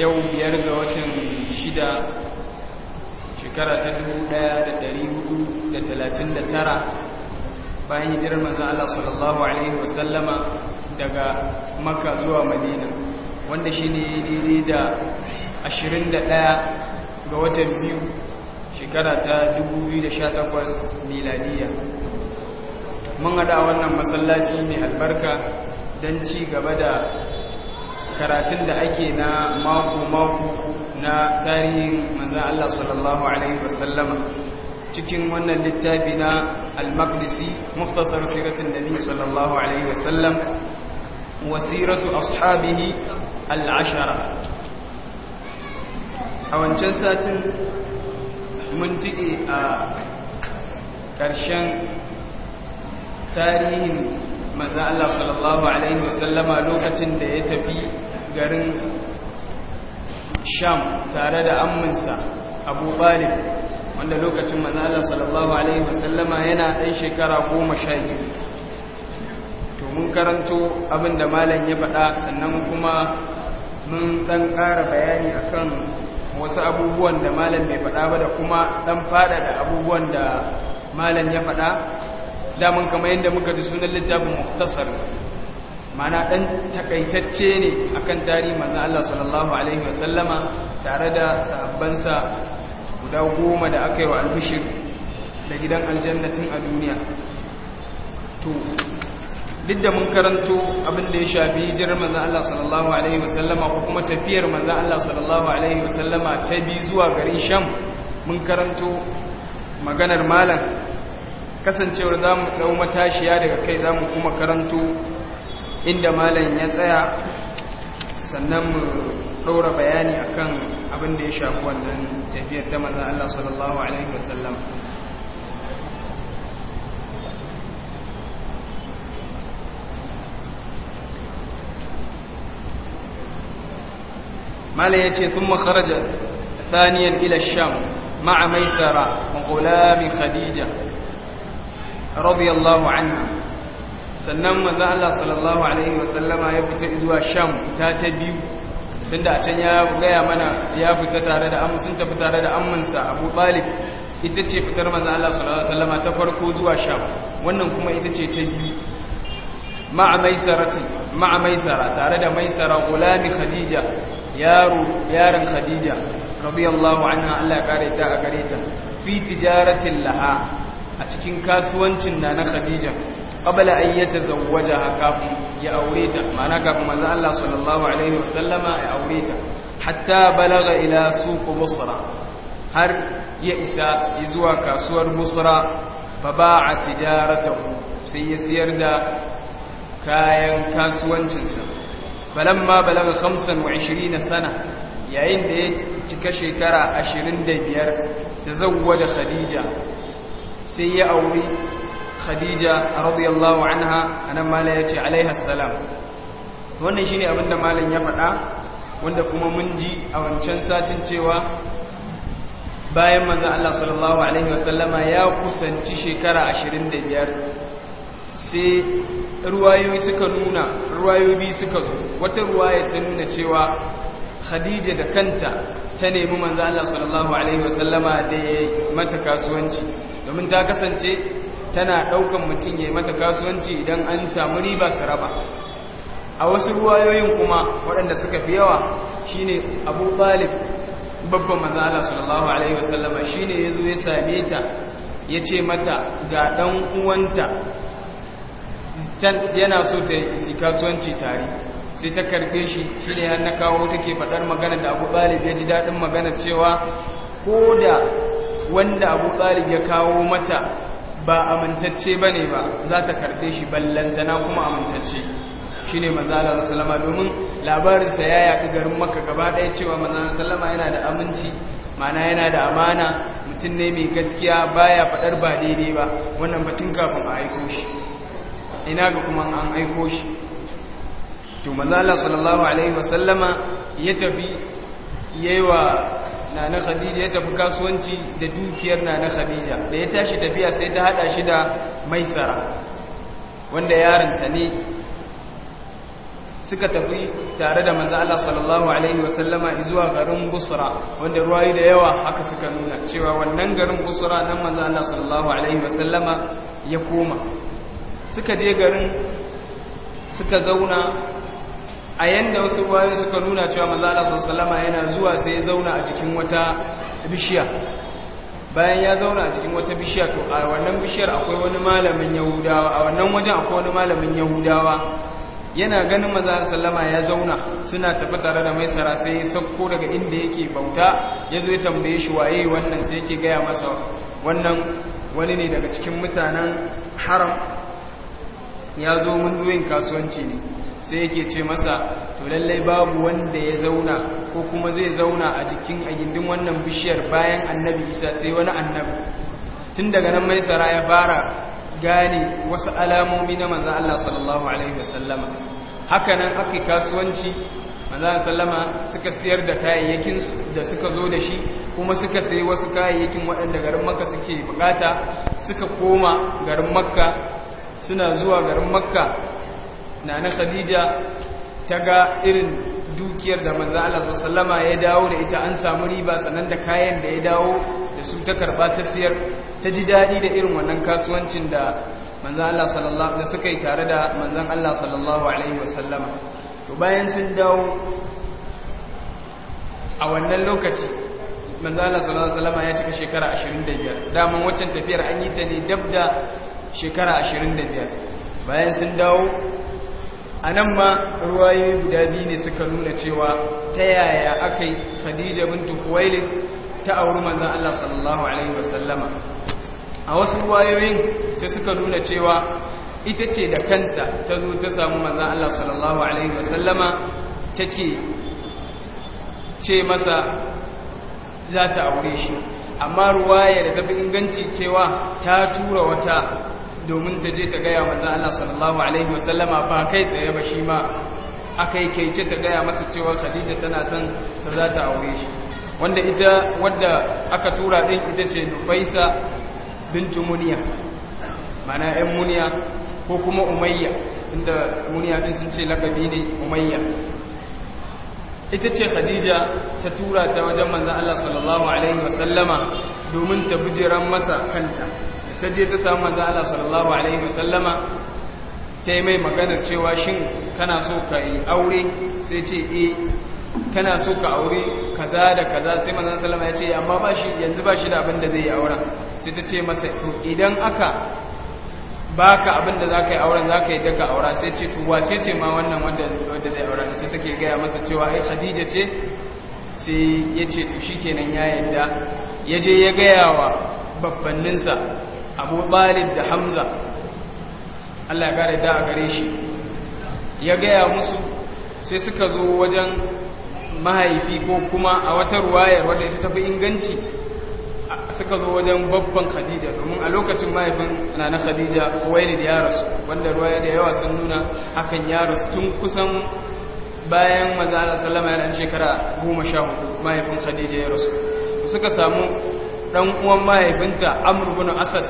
yau biyar ga watan shida shekara ta dubu daya da dari hudu da talatin da tara bayan hijirar manzan Allah sallallahu Alaihi wasallama daga maka zuwa madina wanda shi ne daidai da ashirin da ɗaya ga watan biyu shekara ta dubu biyu da sha takwas miladiya mun hada wannan masallaci mai albarka don ci gaba da karatun da ake na mako-mako na tarihin manzan Allah sallallahu Alaihi wasallama cikin wannan littafi na al-maqdisi muftasar siratun nabi sallallahu Alaihi wasallam wasiratu ashabihi al-ashara a wancan satin mun tike a ƙarshen tarihin maza Allah sallallahu Alaihi wasallama lokacin da ya tafi garin sham tare da amminsa abu balib wanda lokacin manzala sallallahu alaihi wasallama yana ɗan shekara goma sha biyu to mun karanto abin da malam ya faɗa sannan kuma mun ɗan ƙara bayani akan wasu abubuwan da malam bai faɗa ba da kuma ɗan faɗa da abubuwan da malam ya faɗa damun kamar yadda muka ji sunan littafin muftasar mana ɗan takaitacce ne a kan tarihi manzon Allah sallallahu alaihi wasallama tare da sahabbansa guda goma da aka yi wa albishir da gidan aljannatin a duniya to duk da mun karanto abin da ya shafi hijirar manzon Allah sallallahu alaihi wasallama ko kuma tafiyar manzon Allah sallallahu alaihi wasallama ta bi zuwa garin Sham mun karanto maganar malam kasancewar za mu dau matashiya daga kai za mu kuma karanto inda malam ya tsaya sannan mu ɗora bayani akan abin da ya shafi wannan tafiyar ta manzan Allah sallallahu alaihi wasallam malam ya ce sun makaraja saniyar ilasham ma'a maisara ƙulami khadija radiyallahu anha sannan manzo Allah sallallahu alaihi wasallama ya fita zuwa Sham ta ta biyu tunda a can ya gaya mana ya fita tare da amsun ta fita tare da amminsa Abu balik ita ce fitar manzo Allah sallallahu alaihi wasallama ta farko zuwa Sham wannan kuma ita ce ta biyu ma'a maisarati ma'a maisara tare da maisara gulami Khadija yaron Khadija radiyallahu anha Allah ya kare ta a gare ta fi tijaratin laha a cikin kasuwancin na na Khadija qabla an yatazawwajaha kafin ya aure ta ma'ana kafin manzo Allah sallallahu alaihi wasallama ya aure ta hatta balaga ila suq Musra har ya isa zuwa kasuwar busra fa ba'a tijaratahu sai ya siyar da kayan kasuwancinsa falamma balaga 25 sana yayin da ya cika shekara 25 tazawwaja khadija sai ya aure khadija radiyallahu anha anan mala ya ce alaiha salam wannan shine abinda malam ya faɗa wanda kuma mun ji a wancan satin cewa bayan manzon Allah sallallahu alaihi wasallama ya kusanci shekara 25 sai ruwayoyi suka nuna ruwayoyi suka zo wata ruwaya ta nuna cewa khadija da kanta ta nemi manzo Allah sallallahu alaihi wasallama da mata kasuwanci domin ta kasance tana ɗaukan mutum ya yi mata kasuwanci idan an samu riba su raba a wasu ruwayoyin kuma waɗanda suka fi yawa shine abu balib babban maza'ala sallallahu alaihi wasallama shine ya zo ya same ta ya ce mata ga ɗan uwanta yana so ta yi kasuwanci tare sai ta karbe shi shi ne na kawo take faɗar magana da abu ɗalib ya ji daɗin magana cewa ko da wanda abu ɗalib ya kawo mata ba amintacce ba ne ba za ta karfe shi ballantana kuma amintacce shi ne mazalar salama domin labarinsa ya yaƙi garin maka gaba ɗaya cewa mazalar salama yana da aminci mana yana da amana mutum ne mai gaskiya baya faɗar ba daidai ba wannan batun kafin a aiko shi ina ga kuma an aiko shi to mazalar sallallahu alaihi wasallama ya tafi yayi wa na na khadija ya tafi kasuwanci da dukiyar na na khadija da ya tashi tafiya sai ta hada shi da maisara wanda yarinta ne suka tafi tare da manzo Allah sallallahu alaihi wasallama zuwa garin Busra wanda ruwayi da yawa haka suka nuna cewa wannan garin Busra nan manzo Allah sallallahu alaihi wasallama ya koma suka je garin suka zauna a yadda wasu wayo suka nuna cewa mazala Allah sallama yana zuwa sai ya zauna a cikin wata bishiya bayan ya zauna a cikin wata bishiya to a wannan bishiyar akwai wani malamin yahudawa a wannan wajen akwai wani malamin yahudawa yana ganin maza sallama ya zauna suna tafi tare da mai sara sai ya sauko daga inda yake bauta ya zo ya tambaye shi waye wannan sai yake gaya masa wannan wani ne daga cikin mutanen haram ya zo mun yin kasuwanci ne sai yake ce masa to lallai babu wanda ya zauna ko kuma zai zauna a jikin agindin wannan bishiyar bayan annabi isa sai wani annabi tun daga nan mai sara ya fara gane wasu alamomi na manzan Allah sallallahu alaihi wasallama haka nan aka kasuwanci manzan sallama suka siyar da kayayyakin da suka zo da shi kuma suka sayi wasu kayayyakin waɗanda garin makka suke bukata suka koma garin makka suna zuwa garin makka nana khadija ta ga irin dukiyar da manzo Allah sallama ya dawo da ita an samu riba sannan da kayan da ya dawo da su ta karba ta siyar ta ji dadi da irin wannan kasuwancin da manzo Allah sallallahu da suka yi tare da manzo Allah sallallahu alaihi wasallama to bayan sun dawo a wannan lokaci manzo Allah sallallahu alaihi wasallama ya cika shekara 25 daman wancan tafiyar an yi ta ne dab da shekara 25 bayan sun dawo a nan ma ruwayoyi guda biyu ne suka nuna cewa ta yaya aka yi khadija bintu huwailin ta auri manzan Allah sallallahu Alaihi wasallama a wasu ruwayoyin sai suka nuna cewa ita ce da kanta ta zo ta samu manzan Allah sallallahu Alaihi wasallama take ce masa za ta aure shi amma ruwaye da tafi inganci cewa ta tura wata domin ta je ta gaya manzan Allah sallallahu Alaihi wasallama ba kai tsaye ba shi ma aka yi ce ta gaya masa cewa khadija tana son sa za ta aure shi wanda ita wadda aka tura ɗin ita ce nufaisa bintu muniya mana ‘yan muniya ko kuma umayya tunda muniya ɗin sun ce lakabi ne umayya ita ce khadija ta tura ta wajen manzan Allah sallallahu Alaihi wasallama domin ta bujiran masa kanta ta je ta samu manzo Allah sallallahu alaihi wasallama ta yi mai magana cewa shin kana so ka yi aure sai ce eh kana so ka aure kaza da kaza sai manzo sallama ya ce amma ba shi yanzu ba shi da abin da zai yi auren sai ta ce masa to idan aka baka abin da zaka yi auren zaka yi daka aura sai ce to wace ce ma wannan wanda wanda zai aura sai take gaya masa cewa ai Khadija ce sai ya ce to shikenan ya yadda ya je ya gaya wa babbanninsa abu balid da hamza allah ya gare da a gare shi ya gaya musu sai suka zo wajen mahaifi ko kuma a wata ruwayar wadda ita tafi inganci suka zo wajen babban khadija domin a lokacin mahaifin na na khadija wailid ya rasu wanda ruwaya da yawa sun nuna hakan ya rasu tun kusan bayan maza'ala salama yana shekara goma sha mahaifin khadija ya rasu suka samu dan uwan mahaifinta amur bin asad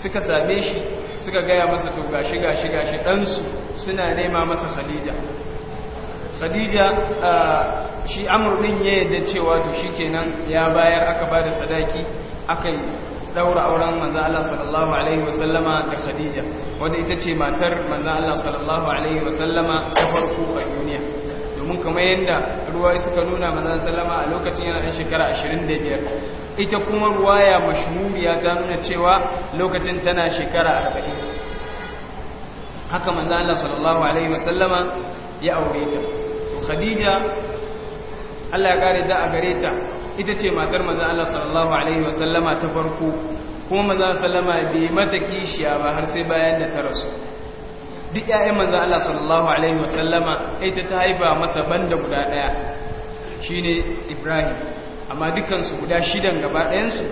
suka same shi suka gaya masa to gashi gashi gashi ɗansu suna nema masa khadija khadija shi amur din ya yadda cewa to shi kenan ya bayar aka ba da sadaki aka yi daura auren manzo Allah sallallahu alaihi wasallama da khadija wanda ita ce matar manzo Allah sallallahu alaihi wasallama ta farko a duniya domin kamar yadda ruwa suka nuna manzan Sallama a lokacin yana ɗan shekara 25 ita kuma ruwaya mashmuriya ta nuna cewa lokacin tana shekara 40 haka manzo Allah sallallahu alaihi wasallama ya aure ta to khadija Allah ya kare da a gare ta ita ce matar manzo Allah sallallahu alaihi wasallama ta farko kuma manzo sallama bai mata kishiya ba har sai bayan da ta rasu duk ƴaƴan manzo Allah sallallahu alaihi wasallama ita ta haifa masa banda guda daya shine Ibrahim amma dukansu guda shidan gaba ɗayansu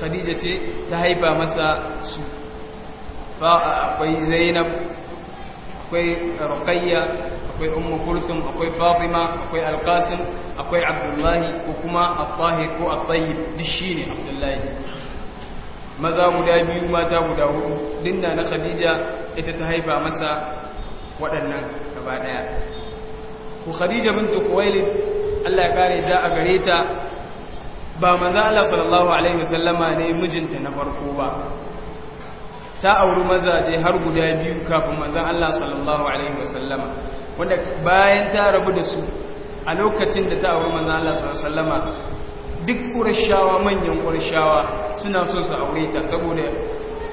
khadija ce ta haifa masa su akwai zainab akwai rukayya akwai ummu kulthum akwai fatima akwai alqasim akwai abdullahi ko kuma at-tahir ko at-tayyib shi ne abdullahi maza guda biyu mata guda hudu dinda na khadija ita ta haifa masa waɗannan gaba ɗaya ku khadija bintu khuwailid Allah ya kare ta a gare ta ba manzo Allah sallallahu alaihi wasallama ne mijinta na farko ba ta auri mazaje har guda biyu kafin manzo Allah sallallahu alaihi wasallama wanda bayan ta rabu da su a lokacin da ta auri manzo Allah sallallahu alaihi wasallama duk ƙurashawa manyan ƙurashawa suna so su aure ta saboda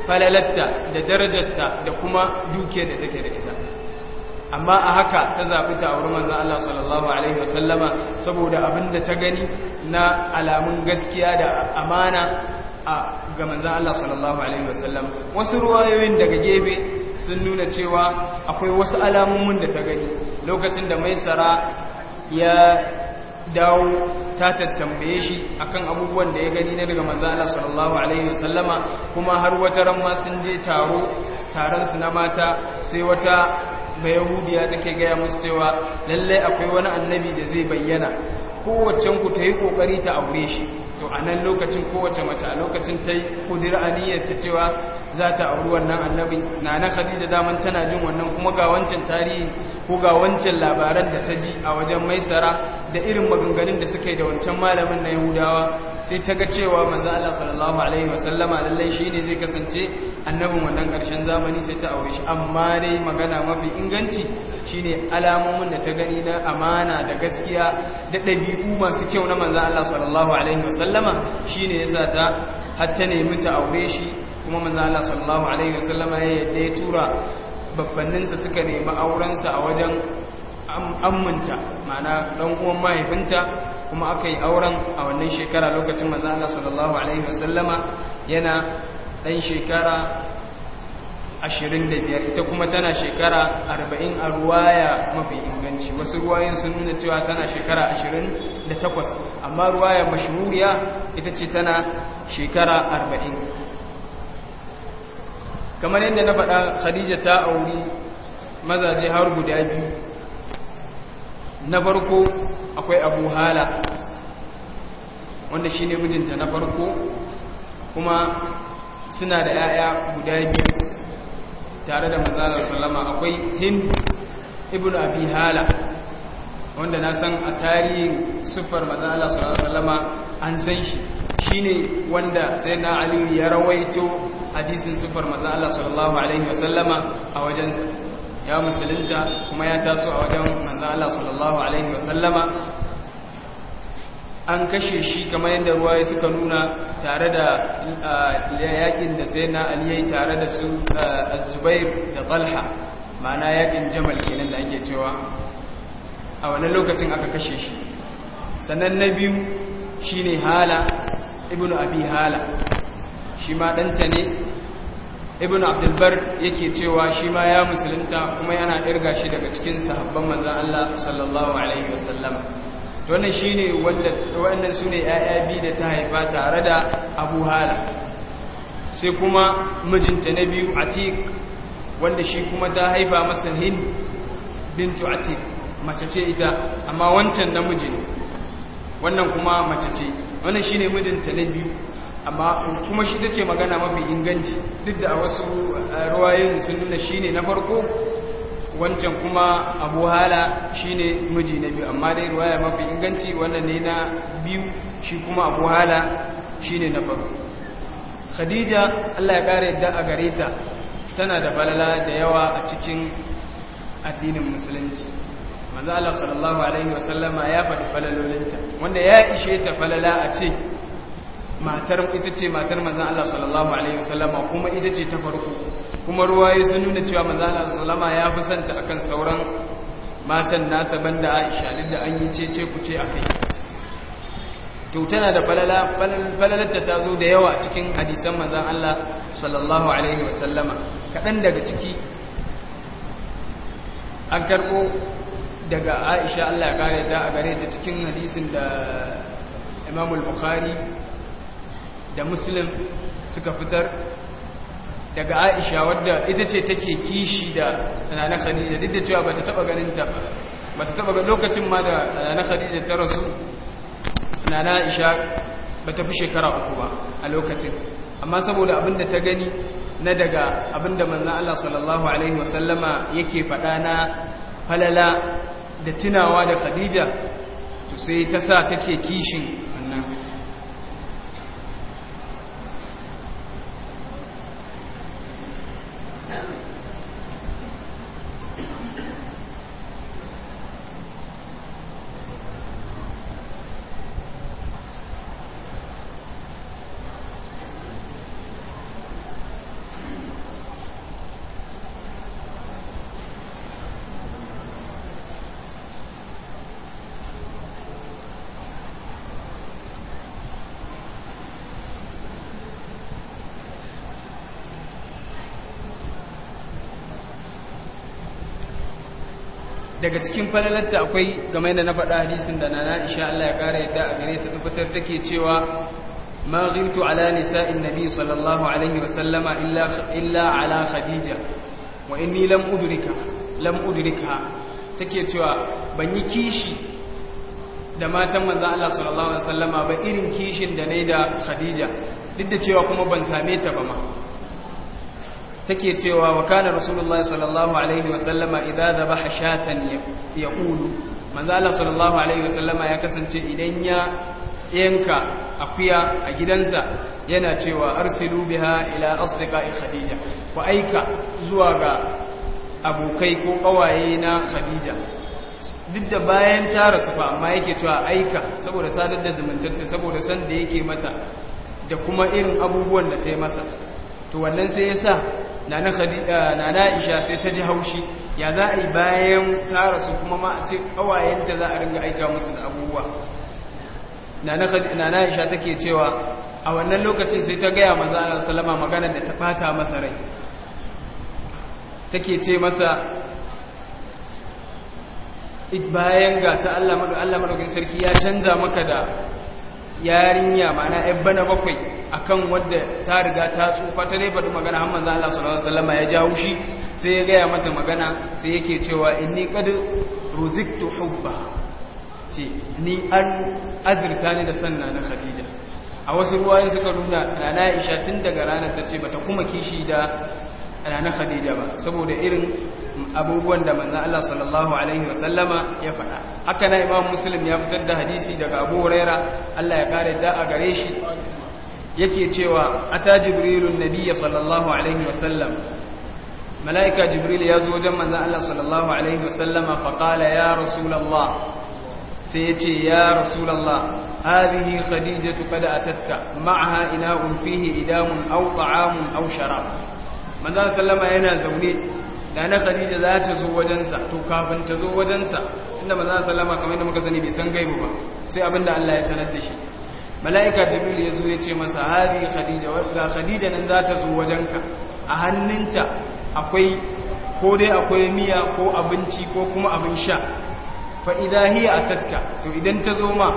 falalatta da darajarta da kuma duke da take da ita amma a haka ta zafi ta auri manzan Allah sallallahu Alaihi wasallama saboda abin da ta gani na alamun gaskiya da amana a ga manzan Allah sallallahu Alaihi wasallam wasu ruwayoyin daga gefe sun nuna cewa akwai wasu alamun da ta gani lokacin da mai tsara ya dawo ta tattambaye shi akan abubuwan da ya gani na daga manzan Allah sallallahu alaihi wasallama kuma har wata ran ma sun je taro taron su na mata sai wata bayahudiya take gaya musu cewa lallai akwai wani annabi da zai bayyana kowacenku ku ta yi kokari ta aure shi to a nan lokacin kowace mace a lokacin ta yi kudir aniyar ta cewa za ta auri wannan annabi na na da daman tana jin wannan kuma ga wancan tarihi ko ga wancan labaran da ta ji a wajen maisara da irin maganganun da suka yi da wancan malamin na yahudawa sai ta ga cewa manzo Allah sallallahu alaihi wasallama lallai shine zai kasance annabin wannan ƙarshen zamani sai ta aure shi amma dai magana mafi inganci shine alamomin da ta gani na amana da gaskiya da ɗabi'u masu kyau na manzo Allah sallallahu alaihi wasallama shine yasa ta hatta nemi ta aure shi kuma manzo Allah sallallahu alaihi wasallama ya yi tura babbanninsa suka nemi aurensa a wajen amminta ma'ana ɗan uwan mahaifinta kuma aka yi auren a wannan shekara lokacin maza Allah sallallahu alaihi wasallama yana ɗan shekara 25 ita kuma tana shekara 40 a ruwaya mafi inganci wasu ruwayoyin sun nuna cewa tana shekara 28 amma ruwaya mashhuriya ita ce tana shekara 40 kamar yadda na faɗa Khadija ta auri mazaje har guda biyu na farko akwai abu hala wanda shi ne mijinta na farko kuma suna da 'ya'ya guda biyu tare da mazalar salama akwai hin ibn abi hala wanda na san a tarihin siffar mazalar salama an san shi shi ne wanda sai na aliyu ya rawaito hadisin siffar mazalar salama a wajensa ya musulunta kuma ya taso a wajen manzan Allah sallallahu Alaihi wasallama an kashe shi kamar yadda ruwaye suka nuna tare da uh, yakin da zaina aliyai tare da su azubair uh, da talha ma'ana yakin jamal kenan da ake cewa a wannan lokacin aka kashe shi sannan na biyu shi ne hala ibn abi hala shi ma ɗanta ne ibn abdulbar yake cewa shi ma ya musulunta kuma yana irga shi daga cikin sahabban manzan Allah sallallahu alaihi wasallam wannan shine wanda wannan sune yaya bi da ta haifa tare da Abu Hala sai kuma mijinta na biyu Atik wanda shi kuma ta haifa masa hin bintu Atik mace ce ita amma wancan namiji ne wannan kuma mace ce wannan shine mijinta na biyu amma kuma shi ta ce magana mafi inganci duk da a wasu ruwayoyin sun nuna shi ne na farko wancan kuma abu hala shi ne miji na biyu amma dai ruwaya mafi inganci wannan ne na biyu shi kuma abu hala shi ne na farko khadija allah ya kare yadda a gare ta tana da balala da yawa a cikin addinin musulunci manzo allah sallallahu alaihi wasallama ya faɗi falalolinta wanda ya ishe ta falala a ce matar ita ce matar manzan Allah sallallahu alaihi wasallama kuma ita ce ta farko kuma ruwaye sun nuna cewa manzan Allah sallama ya fi santa akan sauran matan nasa banda Aisha da an yi cece ku ce kai. to tana da falalata ta zo da yawa cikin hadisan manzan Allah sallallahu alaihi wasallama kadan daga ciki an karbo daga Aisha Allah ya kare ta a gare ta cikin hadisin da Imam al-Bukhari da muslim suka fitar daga aisha wadda ita ce take kishi da nana khadija duk da cewa ba ta taba ganin ta ba ta taba lokacin ma da nana khadija ta rasu nana aisha ba ta fi shekara uku ba a lokacin amma saboda abin da ta gani na daga abin da manzan Allah sallallahu alaihi wasallama yake faɗa na falala da tunawa da khadija to sai ta sa take kishin daga cikin falalarta akwai game da na faɗa hadisin da nana isha Allah ya ƙara yadda a gare ta tabbatar take cewa ma ghiltu ala nisa'in nabi sallallahu alaihi wa sallama illa illa ala khadija wa inni lam udrika lam udrikha take cewa ban yi kishi da matan manzon Allah sallallahu alaihi wa sallama ba irin kishin da nayi da khadija duk da cewa kuma ban same ta ba ma take cewa wa kana rasulullah sallallahu alaihi wasallama idza dhabaha shatan yaqulu manzo Allah sallallahu alaihi wasallama ya kasance idan ya yanka akuya a gidansa yana cewa arsilu biha ila asdiqai khadija ku aika zuwa ga abokai ko kawaye na khadija duk da bayan ta rasu fa amma yake cewa aika saboda sadar da zumuntarta saboda san da yake mata da kuma irin abubuwan da ta yi masa to wannan sai yasa na na isha sai ta ji haushi ya za a yi bayan tara su kuma ma a ce ta za a ringa aika musu da abubuwa na na isha take cewa a wannan lokacin sai ta gaya maza a salama magana da ta fata masa rai take ce masa bayan ga ta allah da sarki ya canza maka da yarinya mana yan bana bakwai akan wadda ta riga ta tsufa ta faɗi magana har manzo Allah sallallahu salama ya jawo shi sai ya gaya mata magana sai yake cewa inni ruzik to hubba ce ni an azurta ni da sannan na khadija a wasu ruwayoyin suka nuna rana Aisha tun daga ranar ta ce bata kuma kishi da rana khadija ba saboda irin abubuwan da manzan Allah sallallahu Alaihi wasallama ya faɗa haka na imam muslim ya fitar da hadisi daga abu raira. Allah ya kare da a gare shi yake cewa a ta jibrilun nabiya sallallahu Alaihi wasallam mala'ika jibril ya zo wajen manzan Allah sallallahu Alaihi wasallama faƙala ya rasulallah sai ya ce ya rasulallah Khadija هذه خديجة قد أتتك معها إناء فيه إدام au طعام au شراب manzan sallama yana zaune da na khadija za ta zo wajensa to kafin ta zo wajensa inda maza sallama kamar inda muka sani bai san gaibu ba sai abinda Allah ya sanar da shi mala'ika jibril ya zo ya ce masa hadi khadija ga khadija nan za ta zo wajenka a hannunta akwai ko dai akwai miya ko abinci ko kuma abin sha fa idha hiya atatka to idan ta zo ma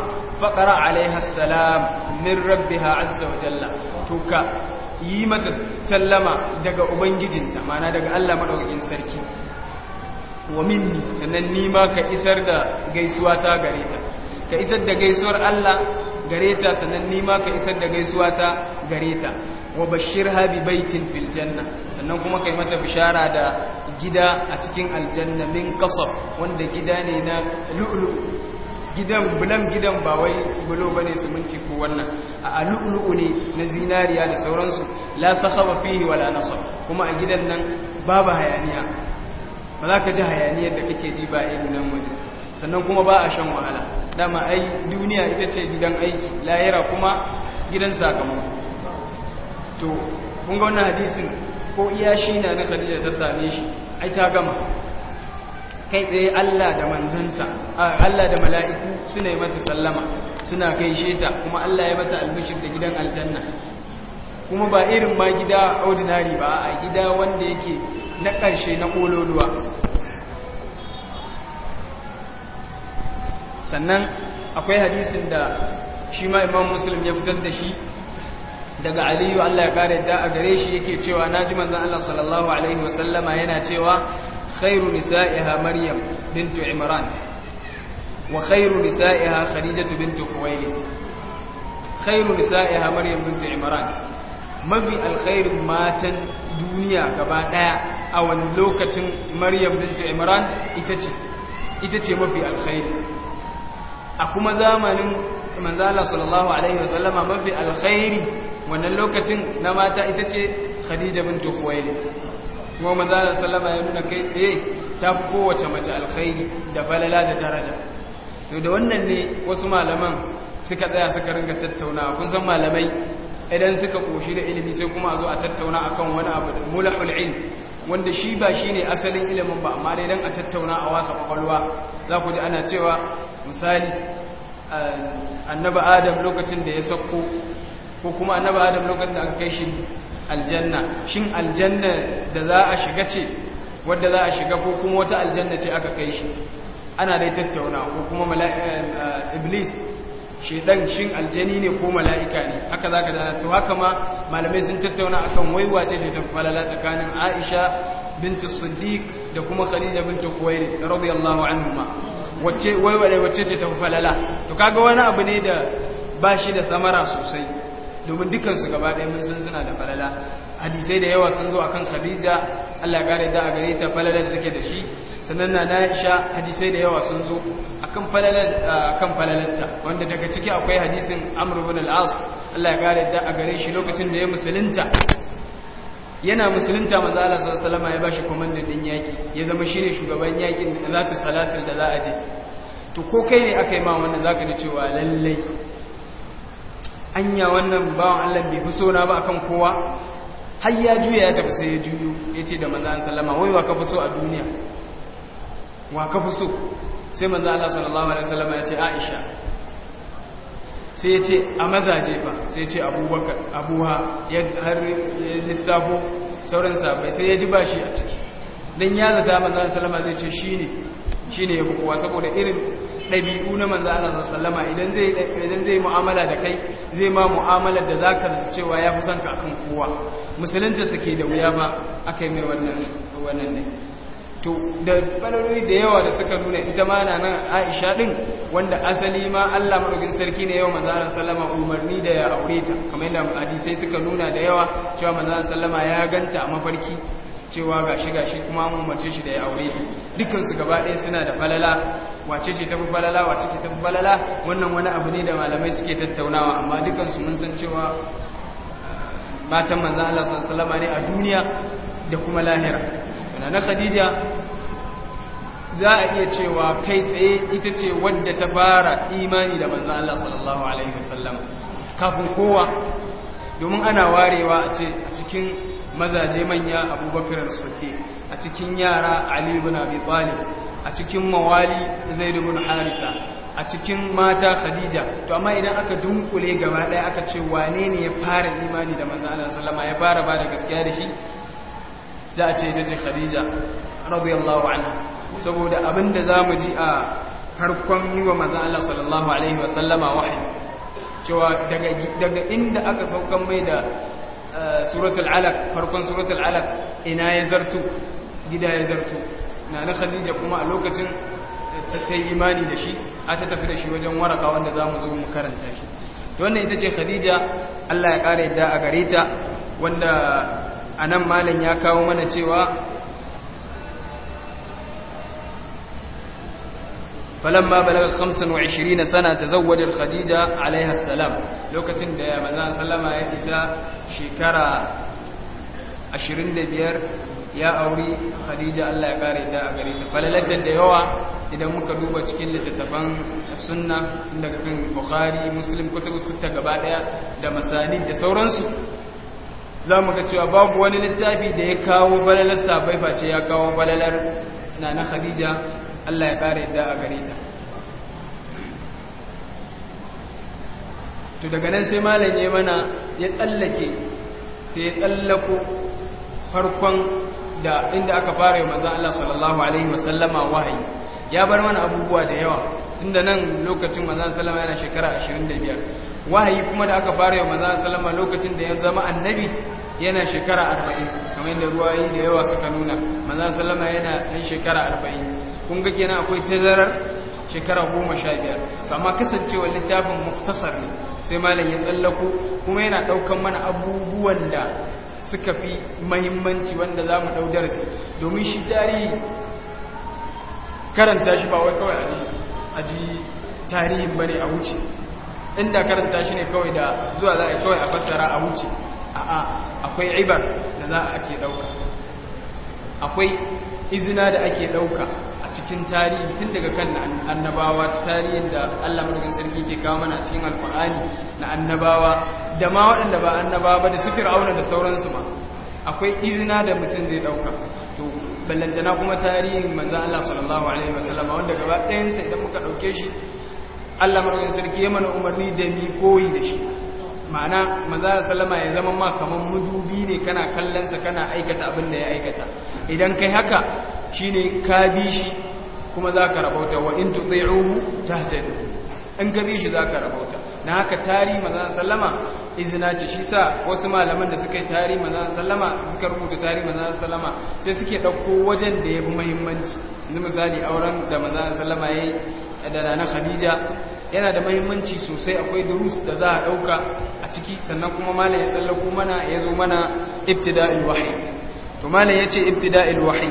faqara alaiha salam min rabbiha azza wa jalla to ka yi mata sallama daga ubangijinta mana daga Allah madaukakin sarki wa minni sannan ni ma ka isar da gaisuwa ta gare ta ka isar da gaisuwar Allah gare ta sannan ni ma ka isar da gaisuwa ta gare ta wa bashirha bi baitin fil janna sannan kuma kai mata bishara da gida a cikin aljanna min wanda gida ne na lu'lu gidan bulan gidan ba wai bulo bane siminti ko wannan a lu'u ne na zinariya da sauransu la sahaba fihi wala nasab kuma a gidan nan babu hayaniya ba za ka ji hayaniyar da kake ji ba irin nan waje sannan kuma ba a shan wahala dama ai duniya ita ce gidan aiki layira kuma gidan sakamako to kun ga wannan hadisin ko iya shi na na Khadija ta same shi ai ta gama kai tsaye Allah da manzansa Allah da mala'iku suna yi mata sallama suna kai sheta kuma Allah ya mata albishir da gidan aljanna kuma ba irin ma gida ordinary ba a gida wanda yake na ƙarshe na ƙololuwa sannan akwai hadisin da shi ma imam muslim ya fitar da shi daga aliyu Allah ya kare da a gare shi yake cewa na ji manzan Allah sallallahu alaihi wasallama yana cewa khairu nisa'iha maryam bintu imran wa khairu nisa'iha khadijatu bintu khuwailid khairu nisa'iha maryam bintu imran mafi alkhairin matan duniya gaba a wani lokacin maryam bintu imran ita ce mafi alkhairi a kuma zamanin manzala sallallahu alaihi wasallama mafi alkhairi wannan lokacin na mata ita ce khadija kuma manzana sallama ya nuna kai tsaye ta kowace mace alkhairi da falala da daraja to da wannan ne wasu malaman suka tsaya suka ringa tattaunawa kun san malamai idan suka koshi da ilimi sai kuma a zo a tattauna kan wani abu da mulahul ilm wanda shi ba shi ne asalin ilimin ba amma dai dan a tattauna a wasa kwakwalwa za ku ji ana cewa misali eh, annaba adam lokacin da ya sakko ko kuma annaba adam lokacin da aka kai shi aljanna shin aljanna da za a shiga ce wadda za a shiga ko kuma wata aljanna ce aka kai shi ana dai tattauna ko kuma eh, eh, iblis shedan shin aljani ne ko mala'ika ne haka zaka da to haka ma malamai sun tattauna akan wai wace ce ta falala tsakanin Aisha binti Siddiq da kuma Khadija binti Khuwailid radiyallahu anhuma wacce wai wace ce ta falala to kaga wani abu ne da bashi da tsamara sosai domin dukansu gaba ɗaya mun san suna da falala hadisai da yawa sun zo akan khadija Allah ya kare da a gare ta falala da take da shi sannan na Aisha hadisai da yawa sun zo akan falalan akan falalanta wanda daga ciki akwai hadisin Amr ibn al-As Allah ya kare da a gare shi lokacin da ya musulunta yana musulunta manzo Allah sallallahu alaihi wasallam ya bashi komandan din yaki ya zama shine shugaban yakin da ta salatul da za a je to ko kai ne akai ma wannan zaka ji cewa lallai anya wannan bawan Allah bai fi sona ba akan kowa har ya juya ya tafi sai ya juyo ya ce da manzan sallama wai wa ka fi so a duniya wa ka fi so sai manzan Allah sallallahu alaihi wasallama ya ce Aisha sai ya ce a mazaje fa sai ya ce abubakar abuha ya har lissafo sauran sabai sai ya ji ba shi a ciki dan ya zata manzan sallama zai ce shine shine ya fi kowa saboda irin ɗabi'u na manzo Allah sallama idan zai idan zai mu'amala da kai zai ma mu'amala da zaka da cewa ya fi son ka akan kowa musulunta suke da wuya ba akai mai wannan wannan ne to da falaloli da yawa da suka nuna ita ma na nan Aisha din wanda asali ma Allah madaukin sarki ne yawa manzo Allah sallama umarni da ya aure ta kamar yadda hadisi suka nuna da yawa cewa manzo Allah sallama ya ganta a mafarki cewa gashi gashi kuma mun mace shi da ya aure dukansu gaba ɗaya suna da falala wace ce ta falala wace ce ta falala wannan wani abu ne da malamai suke tattaunawa amma dukansu mun san cewa ah, matan manzo Allah sallallahu ne a duniya da kuma lahira wana na Khadija za a iya cewa kai tsaye ita ce wadda ta fara imani da manzo Allah sallallahu alaihi wasallam kafin kowa domin ana warewa a cikin mazaje manya abubakar suke a cikin yara ali ibn abi talib a cikin mawali zaid ibn haritha a cikin mata khadija to amma idan aka dunkule gaba daya aka ce wane ne ya fara imani da manzo Allah sallama ya fara ba da gaskiya da shi za a ce ita ce khadija radiyallahu anha saboda abinda zamu ji a harkon yi wa manzo Allah sallallahu alaihi sallama wahayi cewa daga inda aka saukan mai da suratul alaq farkon suratul alaq ina ya zartu gida ya zartu na na khadija kuma a lokacin ta imani da shi a ta tafi da shi wajen waraka wanda za mu zo mu karanta shi to wannan ita ce khadija Allah ya kare yadda a gare ta wanda anan malam ya kawo mana cewa falamma balaga 25 sana tazawwaja khadija alaiha salam lokacin da manzon sallama ya isa shekara 25 ya auri khadija Allah ya kare ta a gare ta falalatar da yawa idan muka duba cikin littattafan sunna daga kan bukhari muslim kutubu sita gaba daya da masani da sauransu za mu ga cewa babu wani littafi da ya kawo balalar sabai face ya kawo falalar na na khadija Allah ya ƙara yadda a gare ta to daga nan sai malam ya mana ya tsallake sai ya tsallako farkon da inda aka fara yi manzan Allah sallallahu alaihi wasallama wahayi ya bar mana abubuwa da yawa tun da nan lokacin manzan salama yana shekara 25 wahayi kuma da aka fara yi manzan salama lokacin da ya zama annabi yana shekara 40 kamar yadda ruwayi da yawa suka nuna manzan salama yana ɗan shekara 40 kun ga kenan akwai tazarar shekara goma sha biyar amma kasancewar littafin muftasar ne sai malam ya tsallako kuma yana ɗaukan mana abubuwan da suka fi mahimmanci wanda za mu ɗau darasi domin shi tarihi karanta shi ba wai kawai a ji tarihin ba ne a wuce inda karanta shi ne kawai da zuwa za a kawai a fassara a wuce a'a akwai ibar da za a ke ɗauka akwai izina da ake ɗauka a cikin tarihi tun daga kan annabawa tarihin da Allah mulkin sarki ke kawo mana cikin alkur'ani na annabawa da ma waɗanda ba annabawa ba da su fir'auna da sauransu ma akwai izina da mutum zai ɗauka to ballantana kuma tarihin manzan Allah sallallahu alaihi wasallama wanda gaba ɗayansa idan muka ɗauke shi Allah mulkin sarki ya mana umarni da ni koyi da shi ma'ana manzara sallama ya zama ma kamar mudubi ne kana kallonsa kana aikata abin da ya aikata idan kai haka shine ka bi shi kuma za ka rabauta wa in tuɗe'uhu ta hajjadu in ka bi shi za ka rabauta na haka tari manzara sallama izina ce shi sa wasu malaman da suka yi tari manzara sallama suka rubuta tari manzara sallama sai suke ɗauko wajen da ya fi muhimmanci yanzu misali auren da manzara sallama ya yi da na khadija yana da mahimmanci sosai akwai durus da za a ɗauka a ciki sannan kuma malam ya tsallako mana ya zo mana ibtida'il wahyi to malam ya ce ibtida'il wahyi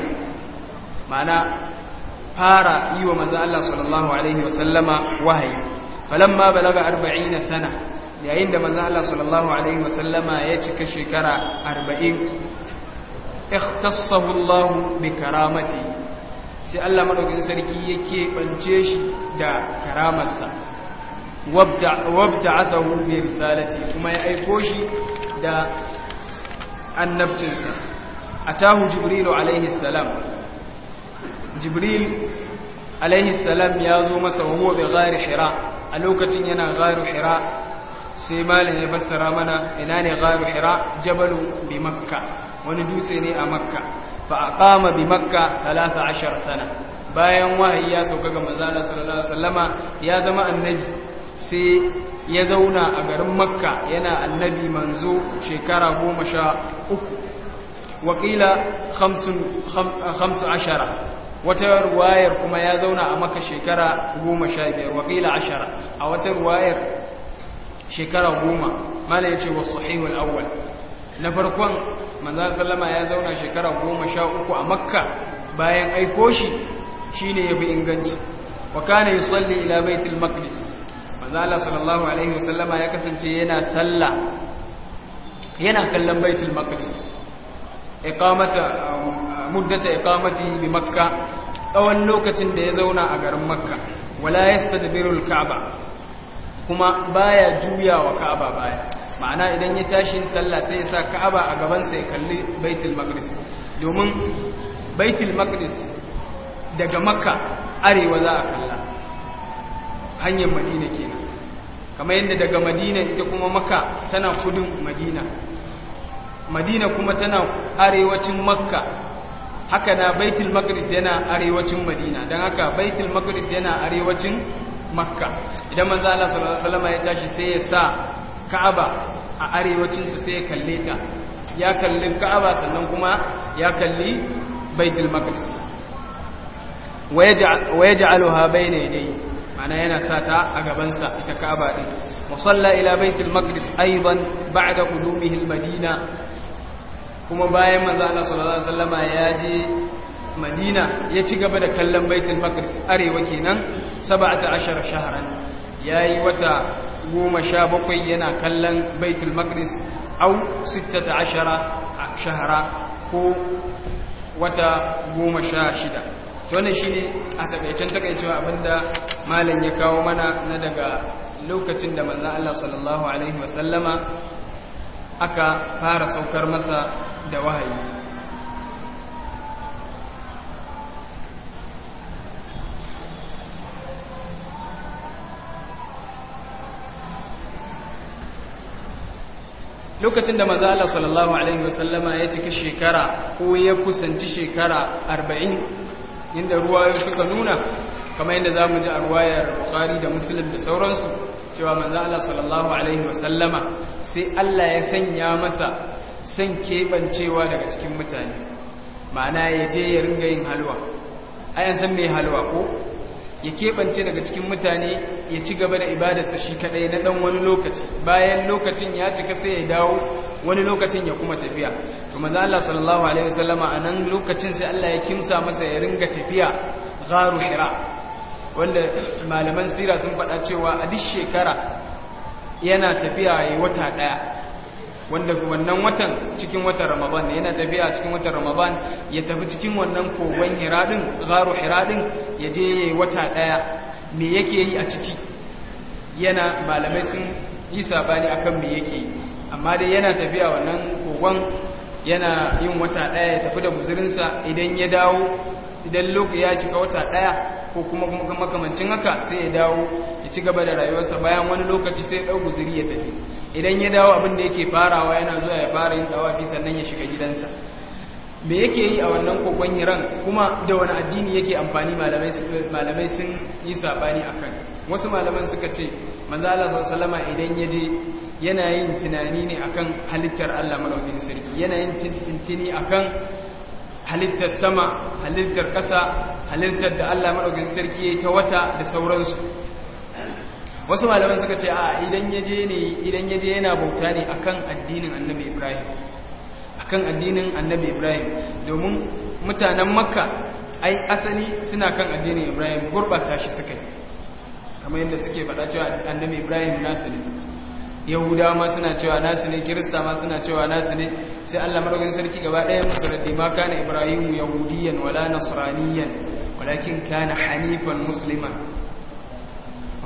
ma'ana fara yi wa manzan Allah sallallahu alaihi wasallama wahayi falamma balaga 40 sana yayin da manzan Allah sallallahu alaihi wasallama ya cika shekara 40 ikhtassahu Allah bi karamati sai Allah madaukakin sarki yake bance shi da karamarsa wabda atahu bi risalati kuma ya aiko shi da annabcinsa atahu jibrilu alaihi salam jibril alaihi salam ya zo masa huwa bi ghari hira a lokacin yana ghari shira sai malin ya fassara mana ina ne ghari shira jabalu bi makka wani dutse ne a makka fa a kama bi makka 13 sana bayan wahayi ya sauka ga manzo Allah sallallahu alaihi wasallama ya zama annabi sai ya zauna a garin makka yana annabi manzo shekara goma sha uku wakila hamsu ashara wata ruwayar kuma ya zauna a Makka shekara goma sha biyar wakila ashara a wata ruwayar shekara goma mala ya ce wa sahihul awwal na farkon manzan sallama ya zauna shekara goma sha uku a makka bayan aiko shi shine yafi inganci wa kana yusalli ila baitul maqdis manzo sallallahu alaihi wasallama ya kasance yana sallah yana kallon baitul maqdis muddata iqamati bi makka tsawon lokacin da ya zauna a garin makka wala yastadbiru al-ka'ba kuma baya wa ka'aba baya ma'ana idan ya tashi sallah sai ya sa ka'aba a gabansa ya kalli baitul maqdis domin baitul maqdis daga makka arewa za a kalla hanyar madina kenan kamar yadda daga madina ita kuma makka tana kudin madina madina kuma tana arewacin makka haka na baitul Makris yana arewacin madina don haka baitul Makris yana arewacin makka idan manzo Allah sallallahu alaihi wasallam ya tashi sai ya sa ka'aba a arewacinsa sai ya kalle ta ya kalli ka'aba sannan kuma ya kalli baitul Makris. wa yaj'aluha bayna yadayhi mana yana sata a gaban sa ita Ka'aba din musalla ila baitul maqdis aidan ba'da qudumihi al-madina kuma bayan manzo Allah sallallahu alaihi wasallama ya je Madina ya ci gaba da kallon baitul maqdis arewa kenan 17 shahran yayi wata 17 yana kallon baitul maqdis au 16 shahra ko wata 16 wannan shine a takaicen takaicewa abinda malam ya kawo mana na daga lokacin da manzon Allah sallallahu alaihi wasallama aka fara saukar masa da wahayi lokacin da manzo Allah sallallahu alaihi wasallama ya cika shekara ko ya kusanci shekara inda ruwayoyi suka nuna kamar yadda za mu ji a ruwayar bukari da musulun da sauransu cewa manzan Allah sallallahu Alaihi wasallama sai Allah ya sanya masa san keɓancewa daga cikin mutane ma'ana ya je ya ringa yin halwa ayan san mai halwa ko ya keɓance daga cikin mutane ya ci gaba da ibadarsa shi kaɗai na ɗan wani lokaci bayan lokacin ya cika sai ya dawo wani lokacin ya kuma tafiya to manzo Allah sallallahu alaihi wasallama a nan lokacin sai Allah ya kimsa masa ya ringa tafiya gharu hira wanda malaman sira sun faɗa cewa a duk shekara yana tafiya yi wata daya wanda wannan watan cikin watan ramadan yana tafiya cikin watan ramadan ya tafi cikin wannan kogon hira din gharu hira din ya je yi wata daya me yake yi a ciki yana malamai sun yi sabani akan me yake yi amma dai yana tafiya wannan kogon yana yin wata daya ya tafi da buzurinsa idan ya dawo idan lokaci ya cika wata daya ko kuma makamancin haka sai ya dawo ya ci gaba da rayuwarsa bayan wani lokaci sai ya dau buzuri ya tafi idan ya dawo abin da yake farawa yana zuwa ya fara yin dawafi sannan ya shiga gidansa me yake yi a wannan kogon hiran kuma da wani addini yake amfani malamai sun yi sabani akan wasu malaman suka ce manzo Allah sallallahu alaihi idan yaje yana yin tunani ne akan halittar Allah madaukakin sarki yana yin tuntuni akan halittar sama halittar ƙasa halittar da Allah madaukakin sarki ya ta wata da sauransu wasu malaman suka ce a idan yaje ne idan yaje yana bauta ne akan addinin Annabi Ibrahim akan addinin Annabi Ibrahim domin mutanen Makka ai asali suna kan addinin Ibrahim gurbata shi suka yi kamar yadda suke faɗa cewa annabi ibrahim nasu ne yahudawa ma suna cewa nasu ne kirista ma suna cewa nasu ne sai allah marogin sarki gaba ɗaya musu raddi ma kana ibrahim yahudiyan wala nasraniyan walakin kana hanifan musliman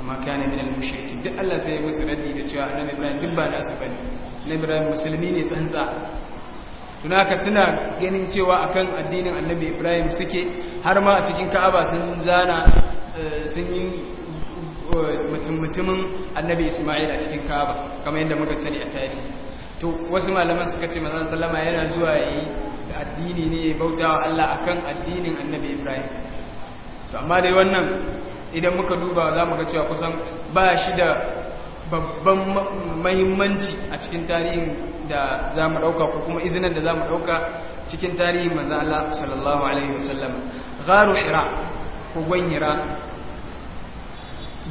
amma kana min al mushriki duk allah sai ya musu raddi da cewa annabi ibrahim duk ba nasu bane annabi ibrahim musulmi ne tsantsa tun haka suna ganin cewa akan addinin annabi ibrahim suke har ma a cikin ka'aba sun zana eh, sun yi mutum-mutumin annabi ismail a cikin kaba kamar yadda muka sani a tarihi to wasu malaman suka ce mazan salama yana zuwa ya yi addini ne ya bauta allah akan addinin annabi ibrahim to amma dai wannan idan muka duba za mu ga cewa kusan ba shi da babban mahimmanci a cikin tarihin da za mu ɗauka ko kuma izinin da za mu ɗauka cikin tarihin manzan allah sallallahu alaihi wasallam gharu hira ko gwan